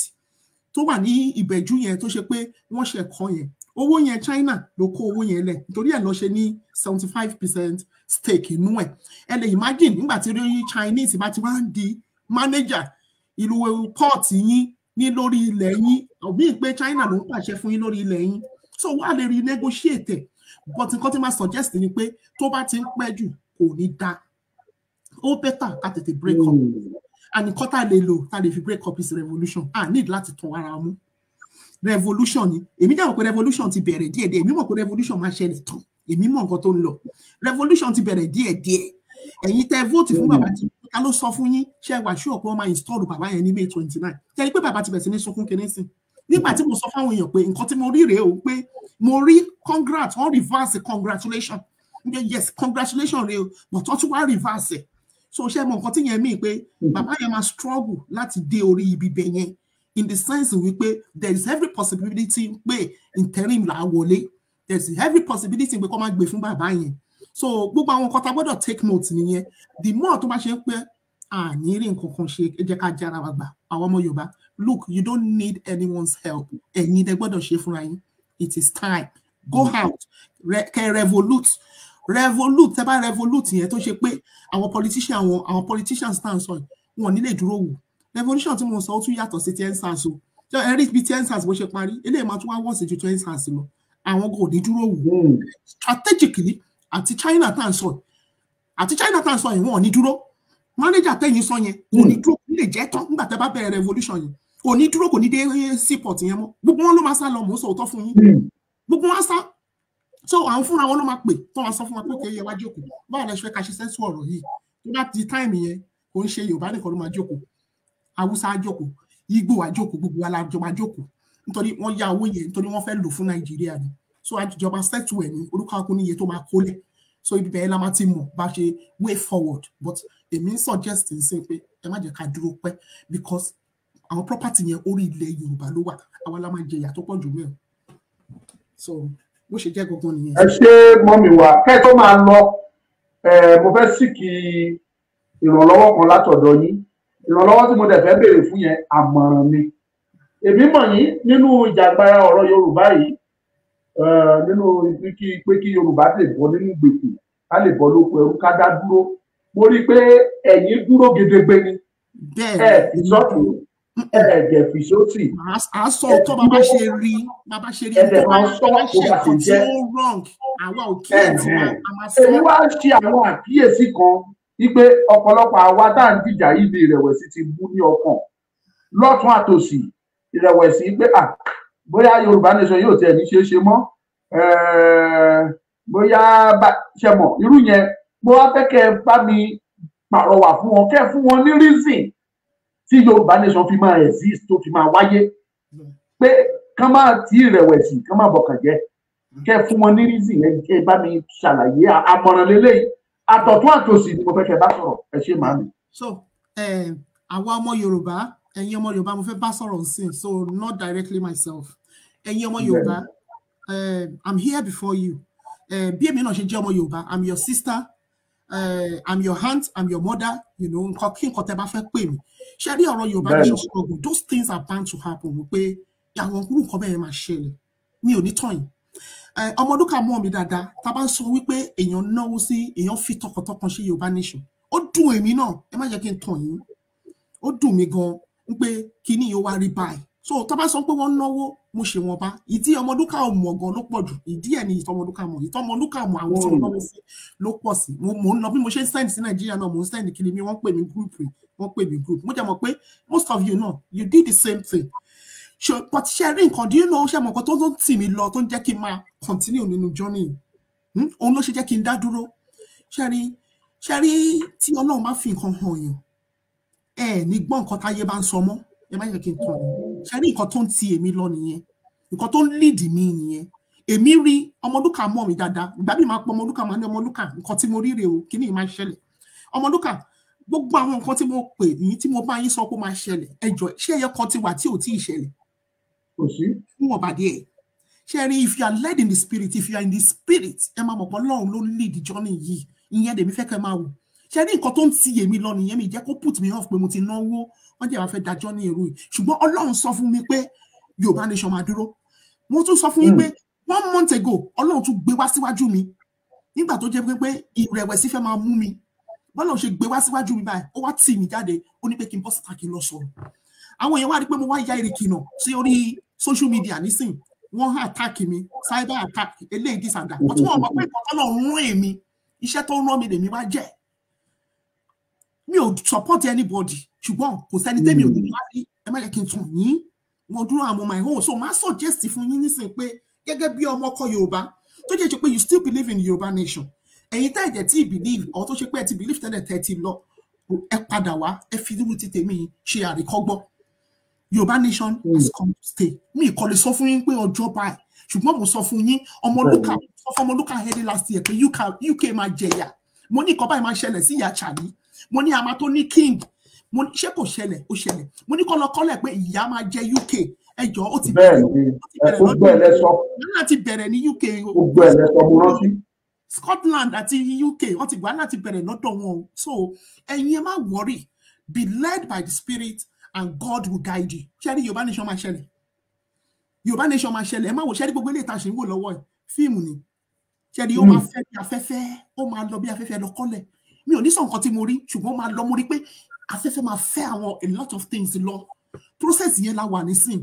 tó wà ní ìbẹ̀jú yẹn tó ṣe pé wọ́n ṣe kọ́ yẹn owó yẹn China ló kó owó yẹn lẹ̀ nítorí ẹ̀ lọ ṣe ní seventy five percent stake inú ẹ̀ ẹ lè imagine nígbà tí rí Chinese bá ti wá ń di manager ìlú port yín ní lórí ilẹ̀ yín ọ̀bí pé China ló ń pàṣẹ fún yín lórí ilẹ̀ yín so wà á lè rí negotiate but nǹkan tí máa suggest ni pé tó bá ti ń pẹ́ jù kò ní da ó bẹ́tà ká tètè break up and nǹkan tá a lè lò tá a lè fi break up is revolution a need láti tàn ara mú revolution ni èmi dẹ̀ mọ̀ pé revolution ti bẹ̀rẹ̀ díẹ̀díẹ̀ èmi mọ̀ pé revolution máa ṣẹlẹ̀ tán èmi mọ̀ nǹkan tó ń lọ revolution ti bẹ̀rẹ̀ díẹ̀díẹ̀ ẹ̀yin tẹ́ vote fún bàbá tí ta ló sọ fún yín ṣe wà sí ọ̀pọ̀ ọmọ install bàbá yẹn ní May twenty nine ṣe é pé bàbá ti bẹ̀rẹ̀ sí ní sunkún kéré sí nígbà tí mo sọ fáwọn èèyàn pé nǹkan tí mo rí rèé o pé mo rí congrats wọn reverse congratulation yes congratulation rèé o but wọn tún wá reverse so ṣe mọ nǹkan tí yẹn mí pé hmm. bàbá yẹn máa struggle láti dé orí ibi bẹ̀ yẹn in the sense wípé there is every possibility pé interim là á wọlé there is every possibility pé kó má gbé fún bàbá yẹn so gbogbo àwọn nǹkan tá a take note nìyẹn the more tó bá ṣe ń pẹ́ àní rí nǹkan kan ṣe ẹ ká jára wa gbà àwọn ọmọ Yorùbá look you don't need anyone's help ẹ̀yin dẹ gbọ́dọ̀ ṣe fúnra yín it is time go mm. out kẹ revolute revolute tẹ bá revolute yẹn tó ṣe pé àwọn politician àwọn àwọn politicians stand à ń sọ yìí wọn ò dúró wò revolution tí mo sọ ó tún yàtọ̀ sí ti ensars o jọ ẹ rí bí ti ensars bó ṣe parí eléyìí máa tún wá wọ̀ sí ju ti ensars lọ àwọn kò ní dúró wò mm. strategically àti China tá à sọ àti China tá à ń sọ yìí wọn ò ní dúró mánéjà tẹ̀yìn sọ yẹn kò ní hmm. dúró kò ní lè jẹ́ tán nígbà tẹ́ bá bẹ̀rẹ̀ revolution yìí kò ní dúró kò ní dé seaport yẹn mọ́ gbogbo wọn ló máa sá lọ mò ń sọ òótọ́ fún yín hmm. gbogbo wọn sá so àwọn fúnra wọn ló máa pè tó wọn sọ fún wa pé kò yẹ wá jókòó báwo lẹ ṣe ká ṣe sẹ́sù ọ̀rọ̀ yìí tó bá ti táìmì yẹn kò ń ṣe Yorùbá nìkan ló máa jókòó Haúsá jókòó Ìgbò àjókòó gbogbo alájọ máa jókòó nítorí wọ́n yá owó yẹn nítorí wọ́n fẹ́ lò fún Nàìjíríà ni so àjọba sẹ́tù ẹ̀ ní olúkàkú níye tó máa kólẹ̀ so ibi bẹ́ẹ̀ la máa ti mọ̀ bá ṣe way forward but èmi ń suggest n sin pé ẹ má jẹ́ ká dúró pẹ́ because àwọn property yẹn orí ilẹ̀ yorùbá ló wà àwa la máa jẹ ìyà tó pọ̀ jù mẹ́rin so bó ṣe jẹ́ gbogbo nìyẹn. ẹ ṣe mọ́mì wa kẹ́ ẹ tó máa lọ mo fẹ́ sì kí ìrànlọ́wọ́ kan látọ̀dọ̀ yín ìrànlọ́wọ́ tí mo dẹ̀ fẹ́ béèrè fún yẹn àmọ̀ràn mi èmi mọ̀ yín nínú ìjàgbara ọ̀rọ̀ yorùbá yìí Eh, nínú ibi kí pé kí Yorùbá lè bọ́ nínú gbèsè ká lè bọ́ lóko ẹrú ká dá dúró mo rí i pé ẹ̀yin dúró gedegbe ni ẹ fi sọ́tù ẹ jẹ fi sósì. a sọ ọ̀tọ̀ bàbá ṣe rí bàbá ṣe rí ẹgbẹ máa ń sọ kó bá ti àwa ò kíyèsí a máa sọ. wá ṣe àwọn àkíyèsí kan wípé ọ̀pọ̀lọpọ̀ àwa tá à ń dìjà yìí ni ìrẹ̀wẹ̀sì ti bú ní ọkàn lọ́tún àtòsì ìrẹ̀wẹ̀sì pé à bóyá yorùbá nation yóò tiẹ̀ ní ṣe é ṣe mọ́ bóyá ṣe mọ̀ irú yẹn mo wá fẹ́ kẹ́ bá mi pàrọwà fún wọn kẹ́ fún wọn ní reason tí yorùbá nation fi máa exist tó fi máa wáyé pé kán máa tí ìrẹ̀wẹ̀sì kán máa bọkàn jẹ́ kẹ́ fún wọn ní reason yẹn kẹ́ bá mi ṣàlàyé àmọ̀ràn lélẹ́yìí àtọ̀tún àtòsì ni mo fẹ́ kẹ́ bá sọ̀rọ̀ ẹ ṣe màámi. so àwa ọmọ yorùbá ẹ̀yin ọmọ yorùbá mo fẹ́ bá sọ̀rọ̀ nsìn so not directly myself ẹ̀yin ọmọ yorùbá eh, i'm here before you eh, bí èmi náà ṣe jẹ́ ọmọ i'm your sister uh, i'm your aunt i'm your mother you know cooking, kí nǹkan tẹ́ bá fẹ́ pè mí ṣe rí those things are bound to happen wípé àwọn irú nǹkan bẹ́ẹ̀ my shell. mi ò ní tàn yín look at kan mọ̀ mi dáadáa tá a bá ń sọ wípé èèyàn náwó sí èèyàn fi tọkàntọkàn ṣe yorùbá nation ó dùn èmi náà ẹ má jẹ́ kí n tàn yín ó dùn mí gan-an wípé kíní so tó bá sọ pé wọ́n náwó mo ṣe wọn bá ìdí ọmọlúkà ọmọ ọgàn ló pọ̀ jù ìdí ẹ̀ ní ìtọmọlúkà mọ ìtọmọlúkà mọ àwọn tó ń lọ sí ló pọ̀ sí mo mo ń lọ bí mo ṣe ń send sí nàìjíríà náà mo ń send kiri mi wọ́n pè mí group rẹ̀ wọ́n pè mí group mo jẹ́ mọ̀ pé most of you know you did the same thing So, but ṣe rí nǹkan dín náà ṣe mọ̀ nǹkan tó ń tì mí lọ tó ń jẹ́ kí n máa continue nínú journey hmm? òun ló ṣe jẹ́ kí n dá dúró ṣe rí ṣe rí tí ọlọ́run bá fi nǹkan hàn yàn ẹ ní gbọ́ nǹkan táyé bá ń sọ mọ́ ẹ má yẹ kí n tọ̀ yín ṣe ní nǹkan tó ń ti èmi lọ nìyẹn nǹkan tó ń lead mi nìyẹn èmi rí ọmọlúkà mọ̀ mi dáadáa ìgbà mi máa pọ ọmọlúkà máa ní ọmọlúkà nǹkan tí mo rí rè o kí ni ì máa ṣẹlẹ̀ ọmọlúkà gbogbo àwọn nǹkan tí mo pè ní tí mo bá yín sọ pé ó máa ṣẹlẹ̀ ẹjọ́ ṣé ẹyẹ kan ti wà tí ò tí ì ṣẹlẹ̀ fún ọ̀bàdí ẹ̀ ṣe rí if you are led in the spirit if you are in the spirit ẹ máa mọ̀ pé ọlọ́run ló lead journey yìí ìyẹn lèmi fẹ́ kẹ́ máa wò ṣe rí nǹkan tó ń ti èmi lọ nìyẹn mi jẹ́ kó put me off pé mo ti náwó wọ́n jẹ́ wàá fẹ́ dájọ́ ní irú yìí ṣùgbọ́n ọlọ́run sọ fún mi pé yorùbá nation máa dúró mo tún sọ fún yín hmm. pé one month ago ọlọ́run tún gbé wá síwájú mi nígbà tó jẹ́ pé ìrẹ̀wẹ̀sì fẹ́ máa mú mi bọ́lọ́run ṣe gbé wá síwájú mi báyìí ó wá tì mí jáde ó ní pé kí n bọ́ síta kí n lọ sọ̀rọ̀ àwọn èèyàn wá rí pé mo wá ya ìrìkìnà sí orí social media nísìn wọ́n attack mi cyber attack eléyìí dísàdà wọ́n tún wọ́n mọ̀ pé ìkọ́tọ́ náà ń rán èmi iṣẹ́ tó ń rán mi lèmi wá jẹ́ mi ò support anybody ṣùgbọ́n kò sẹ́ni tẹ́mi ò ní hmm. wá rí ẹ má jẹ́ kí n tàn yín wọn dúró àwọn my own so máa suggest fún yín nísìnyí pé gẹ́gẹ́ bí ọmọ ọkọ Yorùbá tó jẹ́ ṣe pé you still believe in Yorùbá nation ẹ̀yin tá ẹ̀jẹ̀ tí believe ọ̀ tó ṣe pé ẹ ti believe tẹ́lẹ̀ tẹ́ ti lọ ẹ padà wá ẹ fi irú ti tèmi ṣe àríkọ́gbọ́ Yorùbá nation has hmm. come to stay mi ì kọ́ lè sọ fún yín pé ọjọ́ báyìí ṣùgbọ́n mo sọ fún yín ọmọlúkà hmm. sọ fún ọmọlúkà head last year pé UK máa jẹ̀yà mo ní ìkọ́ báyìí máa ṣẹlẹ̀ sí ìyá Chani mo ní àmà tó ní king mo ní ṣé kò ṣẹlẹ̀ ó ṣẹlẹ̀ mo ní kọ́ lọ kọ́lẹ̀ pé ìyá máa jẹ UK ẹjọ́ ó ti bẹ̀rẹ̀ lọ́dún ghana ti bẹ̀rẹ̀ ní UK Scotland àti UK wọ́n ti gbà láti bẹ̀rẹ̀ lọ́dọ̀ wọn o so ẹ̀yin ẹ má worry be led by the spirit and God will guide you ṣẹ́rí Yorùbá nation máa ṣẹlẹ̀ Yorùbá nation máa ṣẹlẹ̀ ẹ má wò ṣẹ́rí gbogbo ilé ìtaṣẹ́ ń wò lọ́wọ́ ẹ̀ fíìmù ni ṣẹ́rí ó máa hmm. fẹ́ bí afẹ́fẹ́ ó máa lọ bí afẹ́fẹ́ lọ kọ́lẹ̀ mi ò ní sọ nǹkan tí mo rí ṣùgbọ́n máa lọ mo rí pé afẹ́fẹ́ máa fẹ́ àwọn a lot of things lọ process yẹn la wà nísìn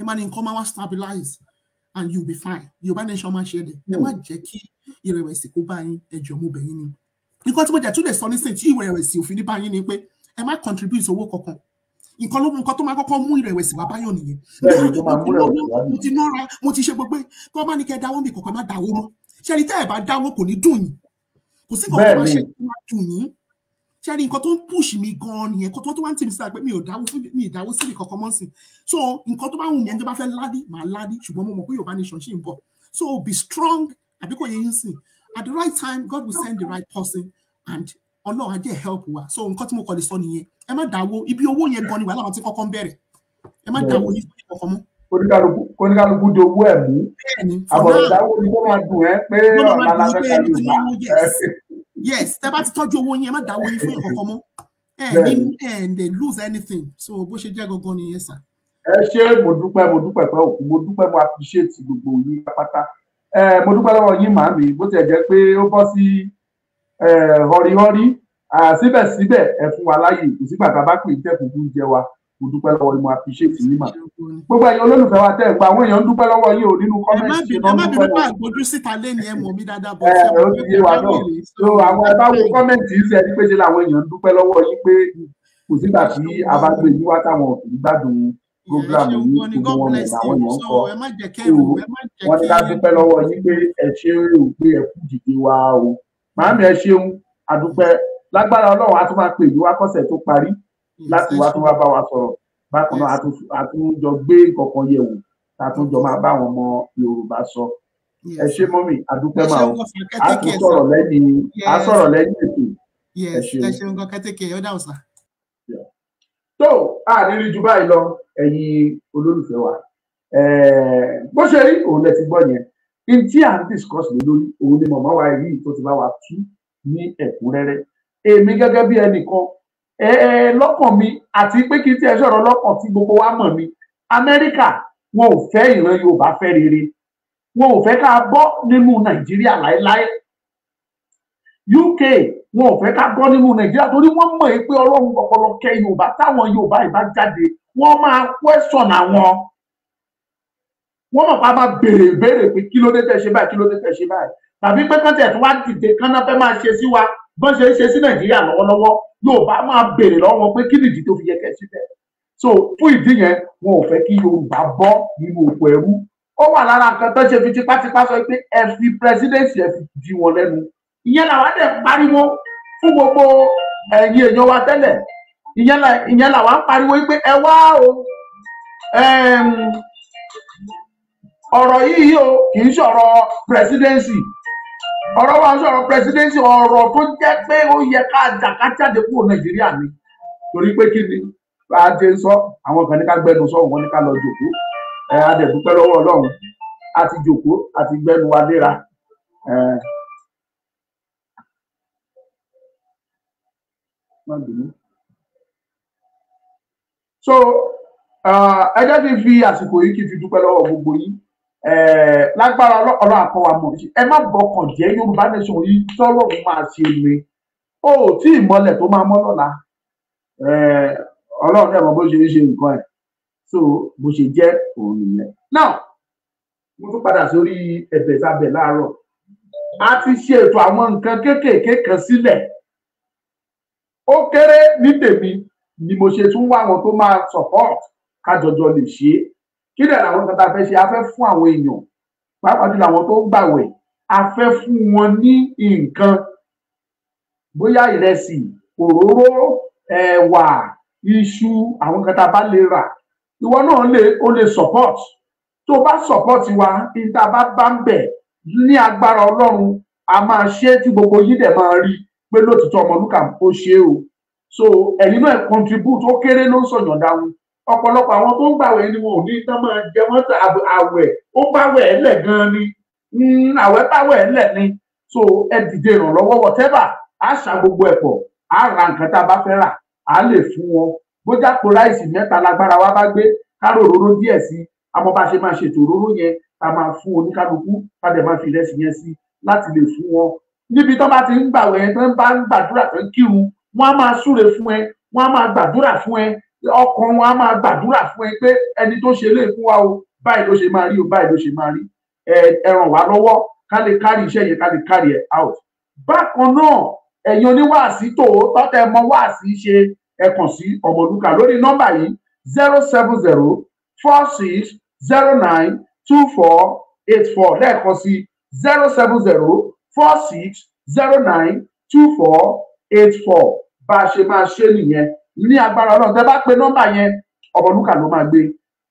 ẹ máa ní nǹkan máa wá stabilize and you be fine yorùbá nation máa ṣe é dẹ ẹ má jẹ́ kí ìrẹ̀wẹ̀sì kó bá yín ẹ jọ̀ọ́ mo bẹ̀ yín ni nǹkan tí mo jẹ́ tún lè sọ nísìn tí ìrẹ̀wẹ̀sì òfin ní bá yín ni pé ẹ má contribute owó kankan nǹkan ló mú nǹkan tó máa kọ́kọ́ mú ìrẹ̀wẹ̀sì wá báyọ̀ nìyẹn. mo ti nọ́ra mo ti ṣe gbogbo kí wọ́n bá ní kẹ́ dáwọ́ mi kọ̀ọ̀kan má dáwọ́ mọ́ ṣẹ́ni tẹ́ ẹ̀ bá dáwọ́ kò ní dùn yín kò sí kọ̀ọ̀kan má ṣe kí wọ́n dùn yín ṣe rí nǹkan tó ń push mi gan-an nìyẹn kó tó tó wá ń tì mí síta pé mi ò dáwó fún mi ìdáwó sí ìkọ̀ kọ́mọ́ sí so nǹkan tó bá wù mí ẹni tó bá fẹ́ ládì màá ládì ṣùgbọ́n mo mọ̀ pé Yorùbá nation ṣì ń bọ̀ so be strong àbí kò yẹ yín sìn at the right time God will send the right person and Ọlọ́run á jẹ́ help wa so nǹkan tí mo kọ́ lè sọ nìyẹn ẹ má dáwó ibi owó yẹn gan ni wàhálà wọn ti kọ́kọ́ ń bẹ̀rẹ̀ ẹ má dáwó yín fún ìkọ̀kọ̀ mọ́ kóníkàlùkù di owó ẹ̀mí àbọ̀dọ̀ dáwó ni kó máa dùn ẹ́ pé ọ̀la la fẹ́ ká lè bá ẹ̀ yes tẹ́ bá ti tọ́jú owó yín ẹ má dáwọ́ yín fún ìkọ̀kọ̀ mọ́ ẹ ní ẹ dey lose anything so bó ṣe jẹ́ gangan nìyẹn sà. ẹ ṣé mo dúpẹ́ mo dúpẹ́ pẹ́ òkú mo dúpẹ́ mo appreciate gbogbo yín pátá mo dúpẹ́ lọ́wọ́ yín màámi bó tiẹ̀ jẹ́ pé ó bọ́ sí họrihọri síbẹ̀síbẹ̀ ẹ fún wa láàyè kò sígbà tá a bá pè é tẹ̀kùn fún oúnjẹ wa mo dúpẹ́ lọ́wọ́ yín mo appreciate yín mà gbogbo ẹ̀yin olólùfẹ́ wa tẹ́ ẹ̀ àwọn èèyàn ń dúpẹ́ lọ́wọ́ yín o nínú kọ́mẹ́ǹtì ṣe náà dúpẹ́ lọ́wọ́. ẹ lọ́wọ́ yín kò sígbà tí a bá gbé yín wá táwọn òfin gbádùn program yìí gbogbo wọn mọ̀ làwọn èèyàn ń kọ́ wọn ní ká dúpẹ́ lọ́wọ́ yín pé ẹ ṣe é o pé ẹ kú dìde wa o màámi ẹ ṣeun àdúpẹ́ lágbára Ọlọ́run á tún máa pè yín wá kọ́sẹ̀ tó parí láti wá tó wá bá wa sọ̀rọ̀ bákan náà a tún jọ gbé nǹkan yẹ̀ wò a tún jọ máa bá àwọn ọmọ Yorùbá sọ ẹ ṣé mọ́mì àdúpẹ́ máa o a tún sọ̀rọ̀ lẹ́yìn a sọ̀rọ̀ lẹ́yìn ètò ẹ ṣé ẹ ṣé nǹkan kẹ́tẹ́kẹ́ ó dáhùn sá. tó àdírí ju báyìí lọ ẹ̀yin olólùfẹ́ wa bó ṣe rí òun lẹ ti gbọ́ yẹn n tí à ń discuss lé lórí òun ni màmá wa yìí tó ti bá wa tú ní ẹ̀kúnrẹ́rẹ́ èmi gẹ́gẹ́ bí ẹnìkan lọ́kàn mi àti pé kí n tiẹ̀ sọ̀rọ̀ lọ́kàn tí gbogbo wa mọ̀ mi amẹ́ríkà wọn ò fẹ́ ìran yorùbá fẹ́ rere wọn ò fẹ́ ká bọ́ nínú nàìjíríà láéláé uk wọn ò fẹ́ ká bọ́ nínú nàìjíríà torí wọ́n mọ̀ pé ọlọ́run kọ̀kọ̀lọ̀ kẹ yorùbá táwọn yorùbá ìbá jáde wọ́n máa question àwọn wọ́n mọ̀ pé a máa béèrè béèrè pé kí ló dé tẹ̀ ṣe báyìí kí ló dé tẹ̀ ṣe báyìí tàbí pé kán tẹ̀ tún wá dìde kán náà fẹ́ máa ṣe sí wa bọ́n ṣe ń ṣe sí nàìjíríà lọ́wọ́lọ́wọ́ yorùbá máa béèrè lọ́wọ́ wọn pé kí nìdí tó fi yẹ kẹ́ síbẹ̀ so fún ìdí yẹn wọn ò fẹ́ kí yorùbá bọ́ nínú òkú ẹrú ó wà lára nǹkan tó ṣe fi tipátipá sọ pé ẹ fi presidency ẹ fi di wọn lẹ́nu ìyẹn làwọn dẹ̀ pariwo fún gbogbo ẹ̀yin èèyàn wa tẹ́lẹ̀ ìyẹn làwọn pariwo pé ẹ wá o ọ̀rọ̀ yìí o kì í ṣọ̀rọ̀ presidency ọ̀rọ̀ wa sọ̀rọ̀ pẹsidẹ́ntì ọ̀rọ̀ tó jẹ́ pé ó yẹ ká jàkájáde kúrò nàìjíríà ni torí pé kí ni bá a ti ń sọ àwọn kan ní ká gbẹnu sọ wọn ní ká lọ jòkó ẹ a dẹ̀ dúpẹ́ lọ́wọ́ ọlọ́run a ti jòkó a ti gbẹnu wa léra ẹ. so ẹ jẹ́ kí n fi àsìkò yìí kí n fi dúpẹ́ lọ́wọ́ gbogbo yín. Eh, lágbára ọlọ́run àkọwà mọ̀ ẹ má bọkàn jẹ́ yorùbá nation yìí tọ́lọ́run máa ṣe ni ó tí ìmọ̀lẹ̀ tó máa mọ́ lọ́la eh, ọlọ́run ẹ̀mọ́ bó ṣe ń ṣe nǹkan ẹ̀ so bó ṣe jẹ́ òun nìyẹn. now mo tún padà sórí ẹ̀bẹ̀ sábẹ̀ láàárọ̀ a ti ṣe ètò àwọn nǹkan kéékèèké kan sílẹ̀ ó kéré ní tèmi ni mo ṣe tún wá àwọn tó máa support kájọjọ lè ṣe é kí dẹ̀ làwọn nǹkan tá a fẹ́ ṣe a fẹ́ fún àwọn èèyàn pàápàá jùlọ àwọn tó gbàwẹ̀ a fẹ́ fún wọn ní nǹkan bóyá ìrẹsì òróró ẹ̀wà iṣu àwọn nǹkan tá a bá lè rà ìwọ náà lè o lè support tó bá support wa níta bá bá ń bẹ̀ ní agbára ọlọ́run a máa ṣe é tí gbogbo yín dẹ̀ máa rí pé lóòtítọ́ Ọmọlúkà ó ṣe é o so ẹ̀yin náà contribute ó kéré ló ń sọ̀yàn dáhùn ọ̀pọ̀lọpọ̀ àwọn tó ń gbàwẹ̀ ni wọn ò ní tán máa jẹ wọ́n tà àwẹ̀ ó báwẹ̀ ẹ̀lẹ̀ gan-an ni hmm, àwẹ̀ báwẹ̀ ẹ̀lẹ̀ ni so ẹ dìde ìrànlọ́wọ́ wọ̀tẹ́bà á ṣà gbogbo ẹ̀pọ̀ á ra nǹkan tá a bá fẹ́ rà á lè fún wọn bójá kó ráìsì mẹ́ta lágbára wa bá gbé káró òróró díẹ̀ sí àmọ́ bá ṣe máa ṣètò òróró yẹn tá a máa fún oníkálukú ká dẹ̀ máa fi ìrẹsì yẹn sí láti lè fún wọn níbi tó bá ti ń gbàwẹ̀ tó ń bá ń gbàdúrà tó ń kírun wọ́n á máa súre fún ẹ wọ́n á máa gbàdúrà fún ẹ ọkàn wọn á máa gbàdúrà fún ẹ pé ẹni tó ṣe lè fún wa o báyìí ló ṣe máa rí o báyìí ló ṣe máa rí ẹ ràn wá ká lè kárí iṣẹ́ yẹn ká lè kárí ẹ out bákan náà ẹ̀yin oníwàásí tòótọ́ tẹ mọ wàásí ṣe ẹ sí Ọmọlúkà lórí nọ́mbà yìí zero seven zero four six zero nine two four eight four lẹ́ẹ̀kan sí zero seven zero four six zero nine two four eight four bá a ṣe máa ṣe nìyẹn ní agbára Ọlọ́run tẹ bá pe nọ́mbà yẹn Ọmọlúkà ló máa gbé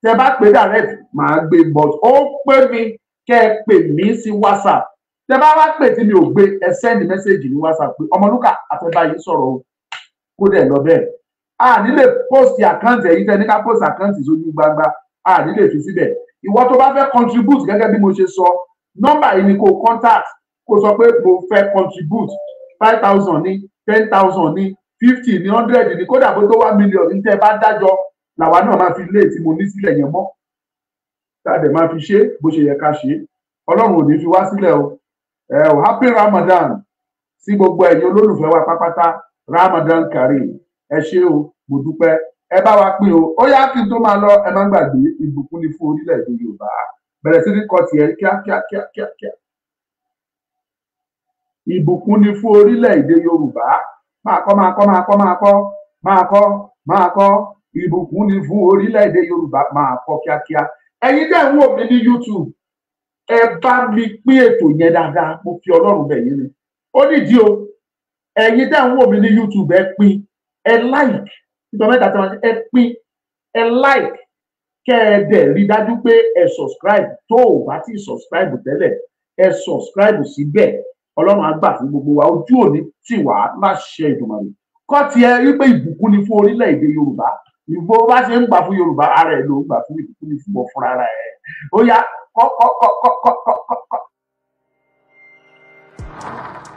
tẹ bá pe direct máa gbé but ó pè mí kẹ ẹ pè mí sí WhatsApp tẹ bá wá pè tí mi ò gbé ẹ send message ní WhatsApp pé Ọmọlúkà àfẹbáyé sọ̀rọ̀ o kó dẹ̀ lọ bẹ́ẹ̀ a nílè post àkáǹtì èyí tẹ ní ká post àkáǹtì sójú gbangba a nílè fi síbẹ̀ ìwọ tó bá fẹ́ contribute gẹ́gẹ́ bí mo ṣe sọ nọ́mbà yìí ni kò contact kó sọ pé mo fẹ́ contribute five thousand ní ten thousand ní fifty ní hundred ní kódà bó tó one million ní tẹ́ bá dájọ́ làwa náà máa fi lé tí mo ní sílẹ̀ yẹn mọ́ tàdé máa fi ṣe bó ṣe yẹ ká ṣe ọlọ́run ò ní fi wá sílẹ̀ o ẹ o happy Ramadan sí gbogbo ẹ̀yin olólùfẹ́ wa pátápátá Ramadan Kareem ẹ ṣé o mo dúpẹ́ ẹ bá wa pín o ó yá kí n tó máa lọ ẹ má gbàgbé ìbùkún ni fún orílẹ̀-èdè Yorùbá bẹ̀rẹ̀ sí ní kọ tiẹ̀ kíákíákíákíá ìbùkún ni fún orílẹ̀-èdè Yorùbá máa kọ́ máa kọ́ máa kọ́ máa kọ́ máa kọ́ máa kọ́ ìbùkún ni fún orílẹ̀-èdè Yorùbá máa kọ́ kíákíá ẹ̀yin dẹ̀ ń wò mí ní YouTube ẹ bá mi pín ètò yẹn dáadáa mo fi Ọlọ́run bẹ̀ yín ni ó nídìí o ẹ̀yin dẹ̀ ń wò mí ní YouTube ẹ pín ẹ like nítorí mẹ́ta tí wọ́n ẹ pín ẹ like kẹ́ ẹ dẹ̀ rí dájú pé ẹ subscribe tó o bá ti subscribe tẹ́lẹ̀ ẹ subscribe síbẹ̀ ọlọ́run àgbà fún gbogbo wa ojú òní tì wá láṣẹ Èdùmàrè kọ́ tiẹ̀ wípé ìbùkún ni fún orílẹ̀-èdè Yorùbá ìbò bá ṣe ń gbà fún Yorùbá ara ẹ̀ ló ń gbà fún ìbùkún ni fún ọ fúnra ara ẹ̀ ó yá kọ́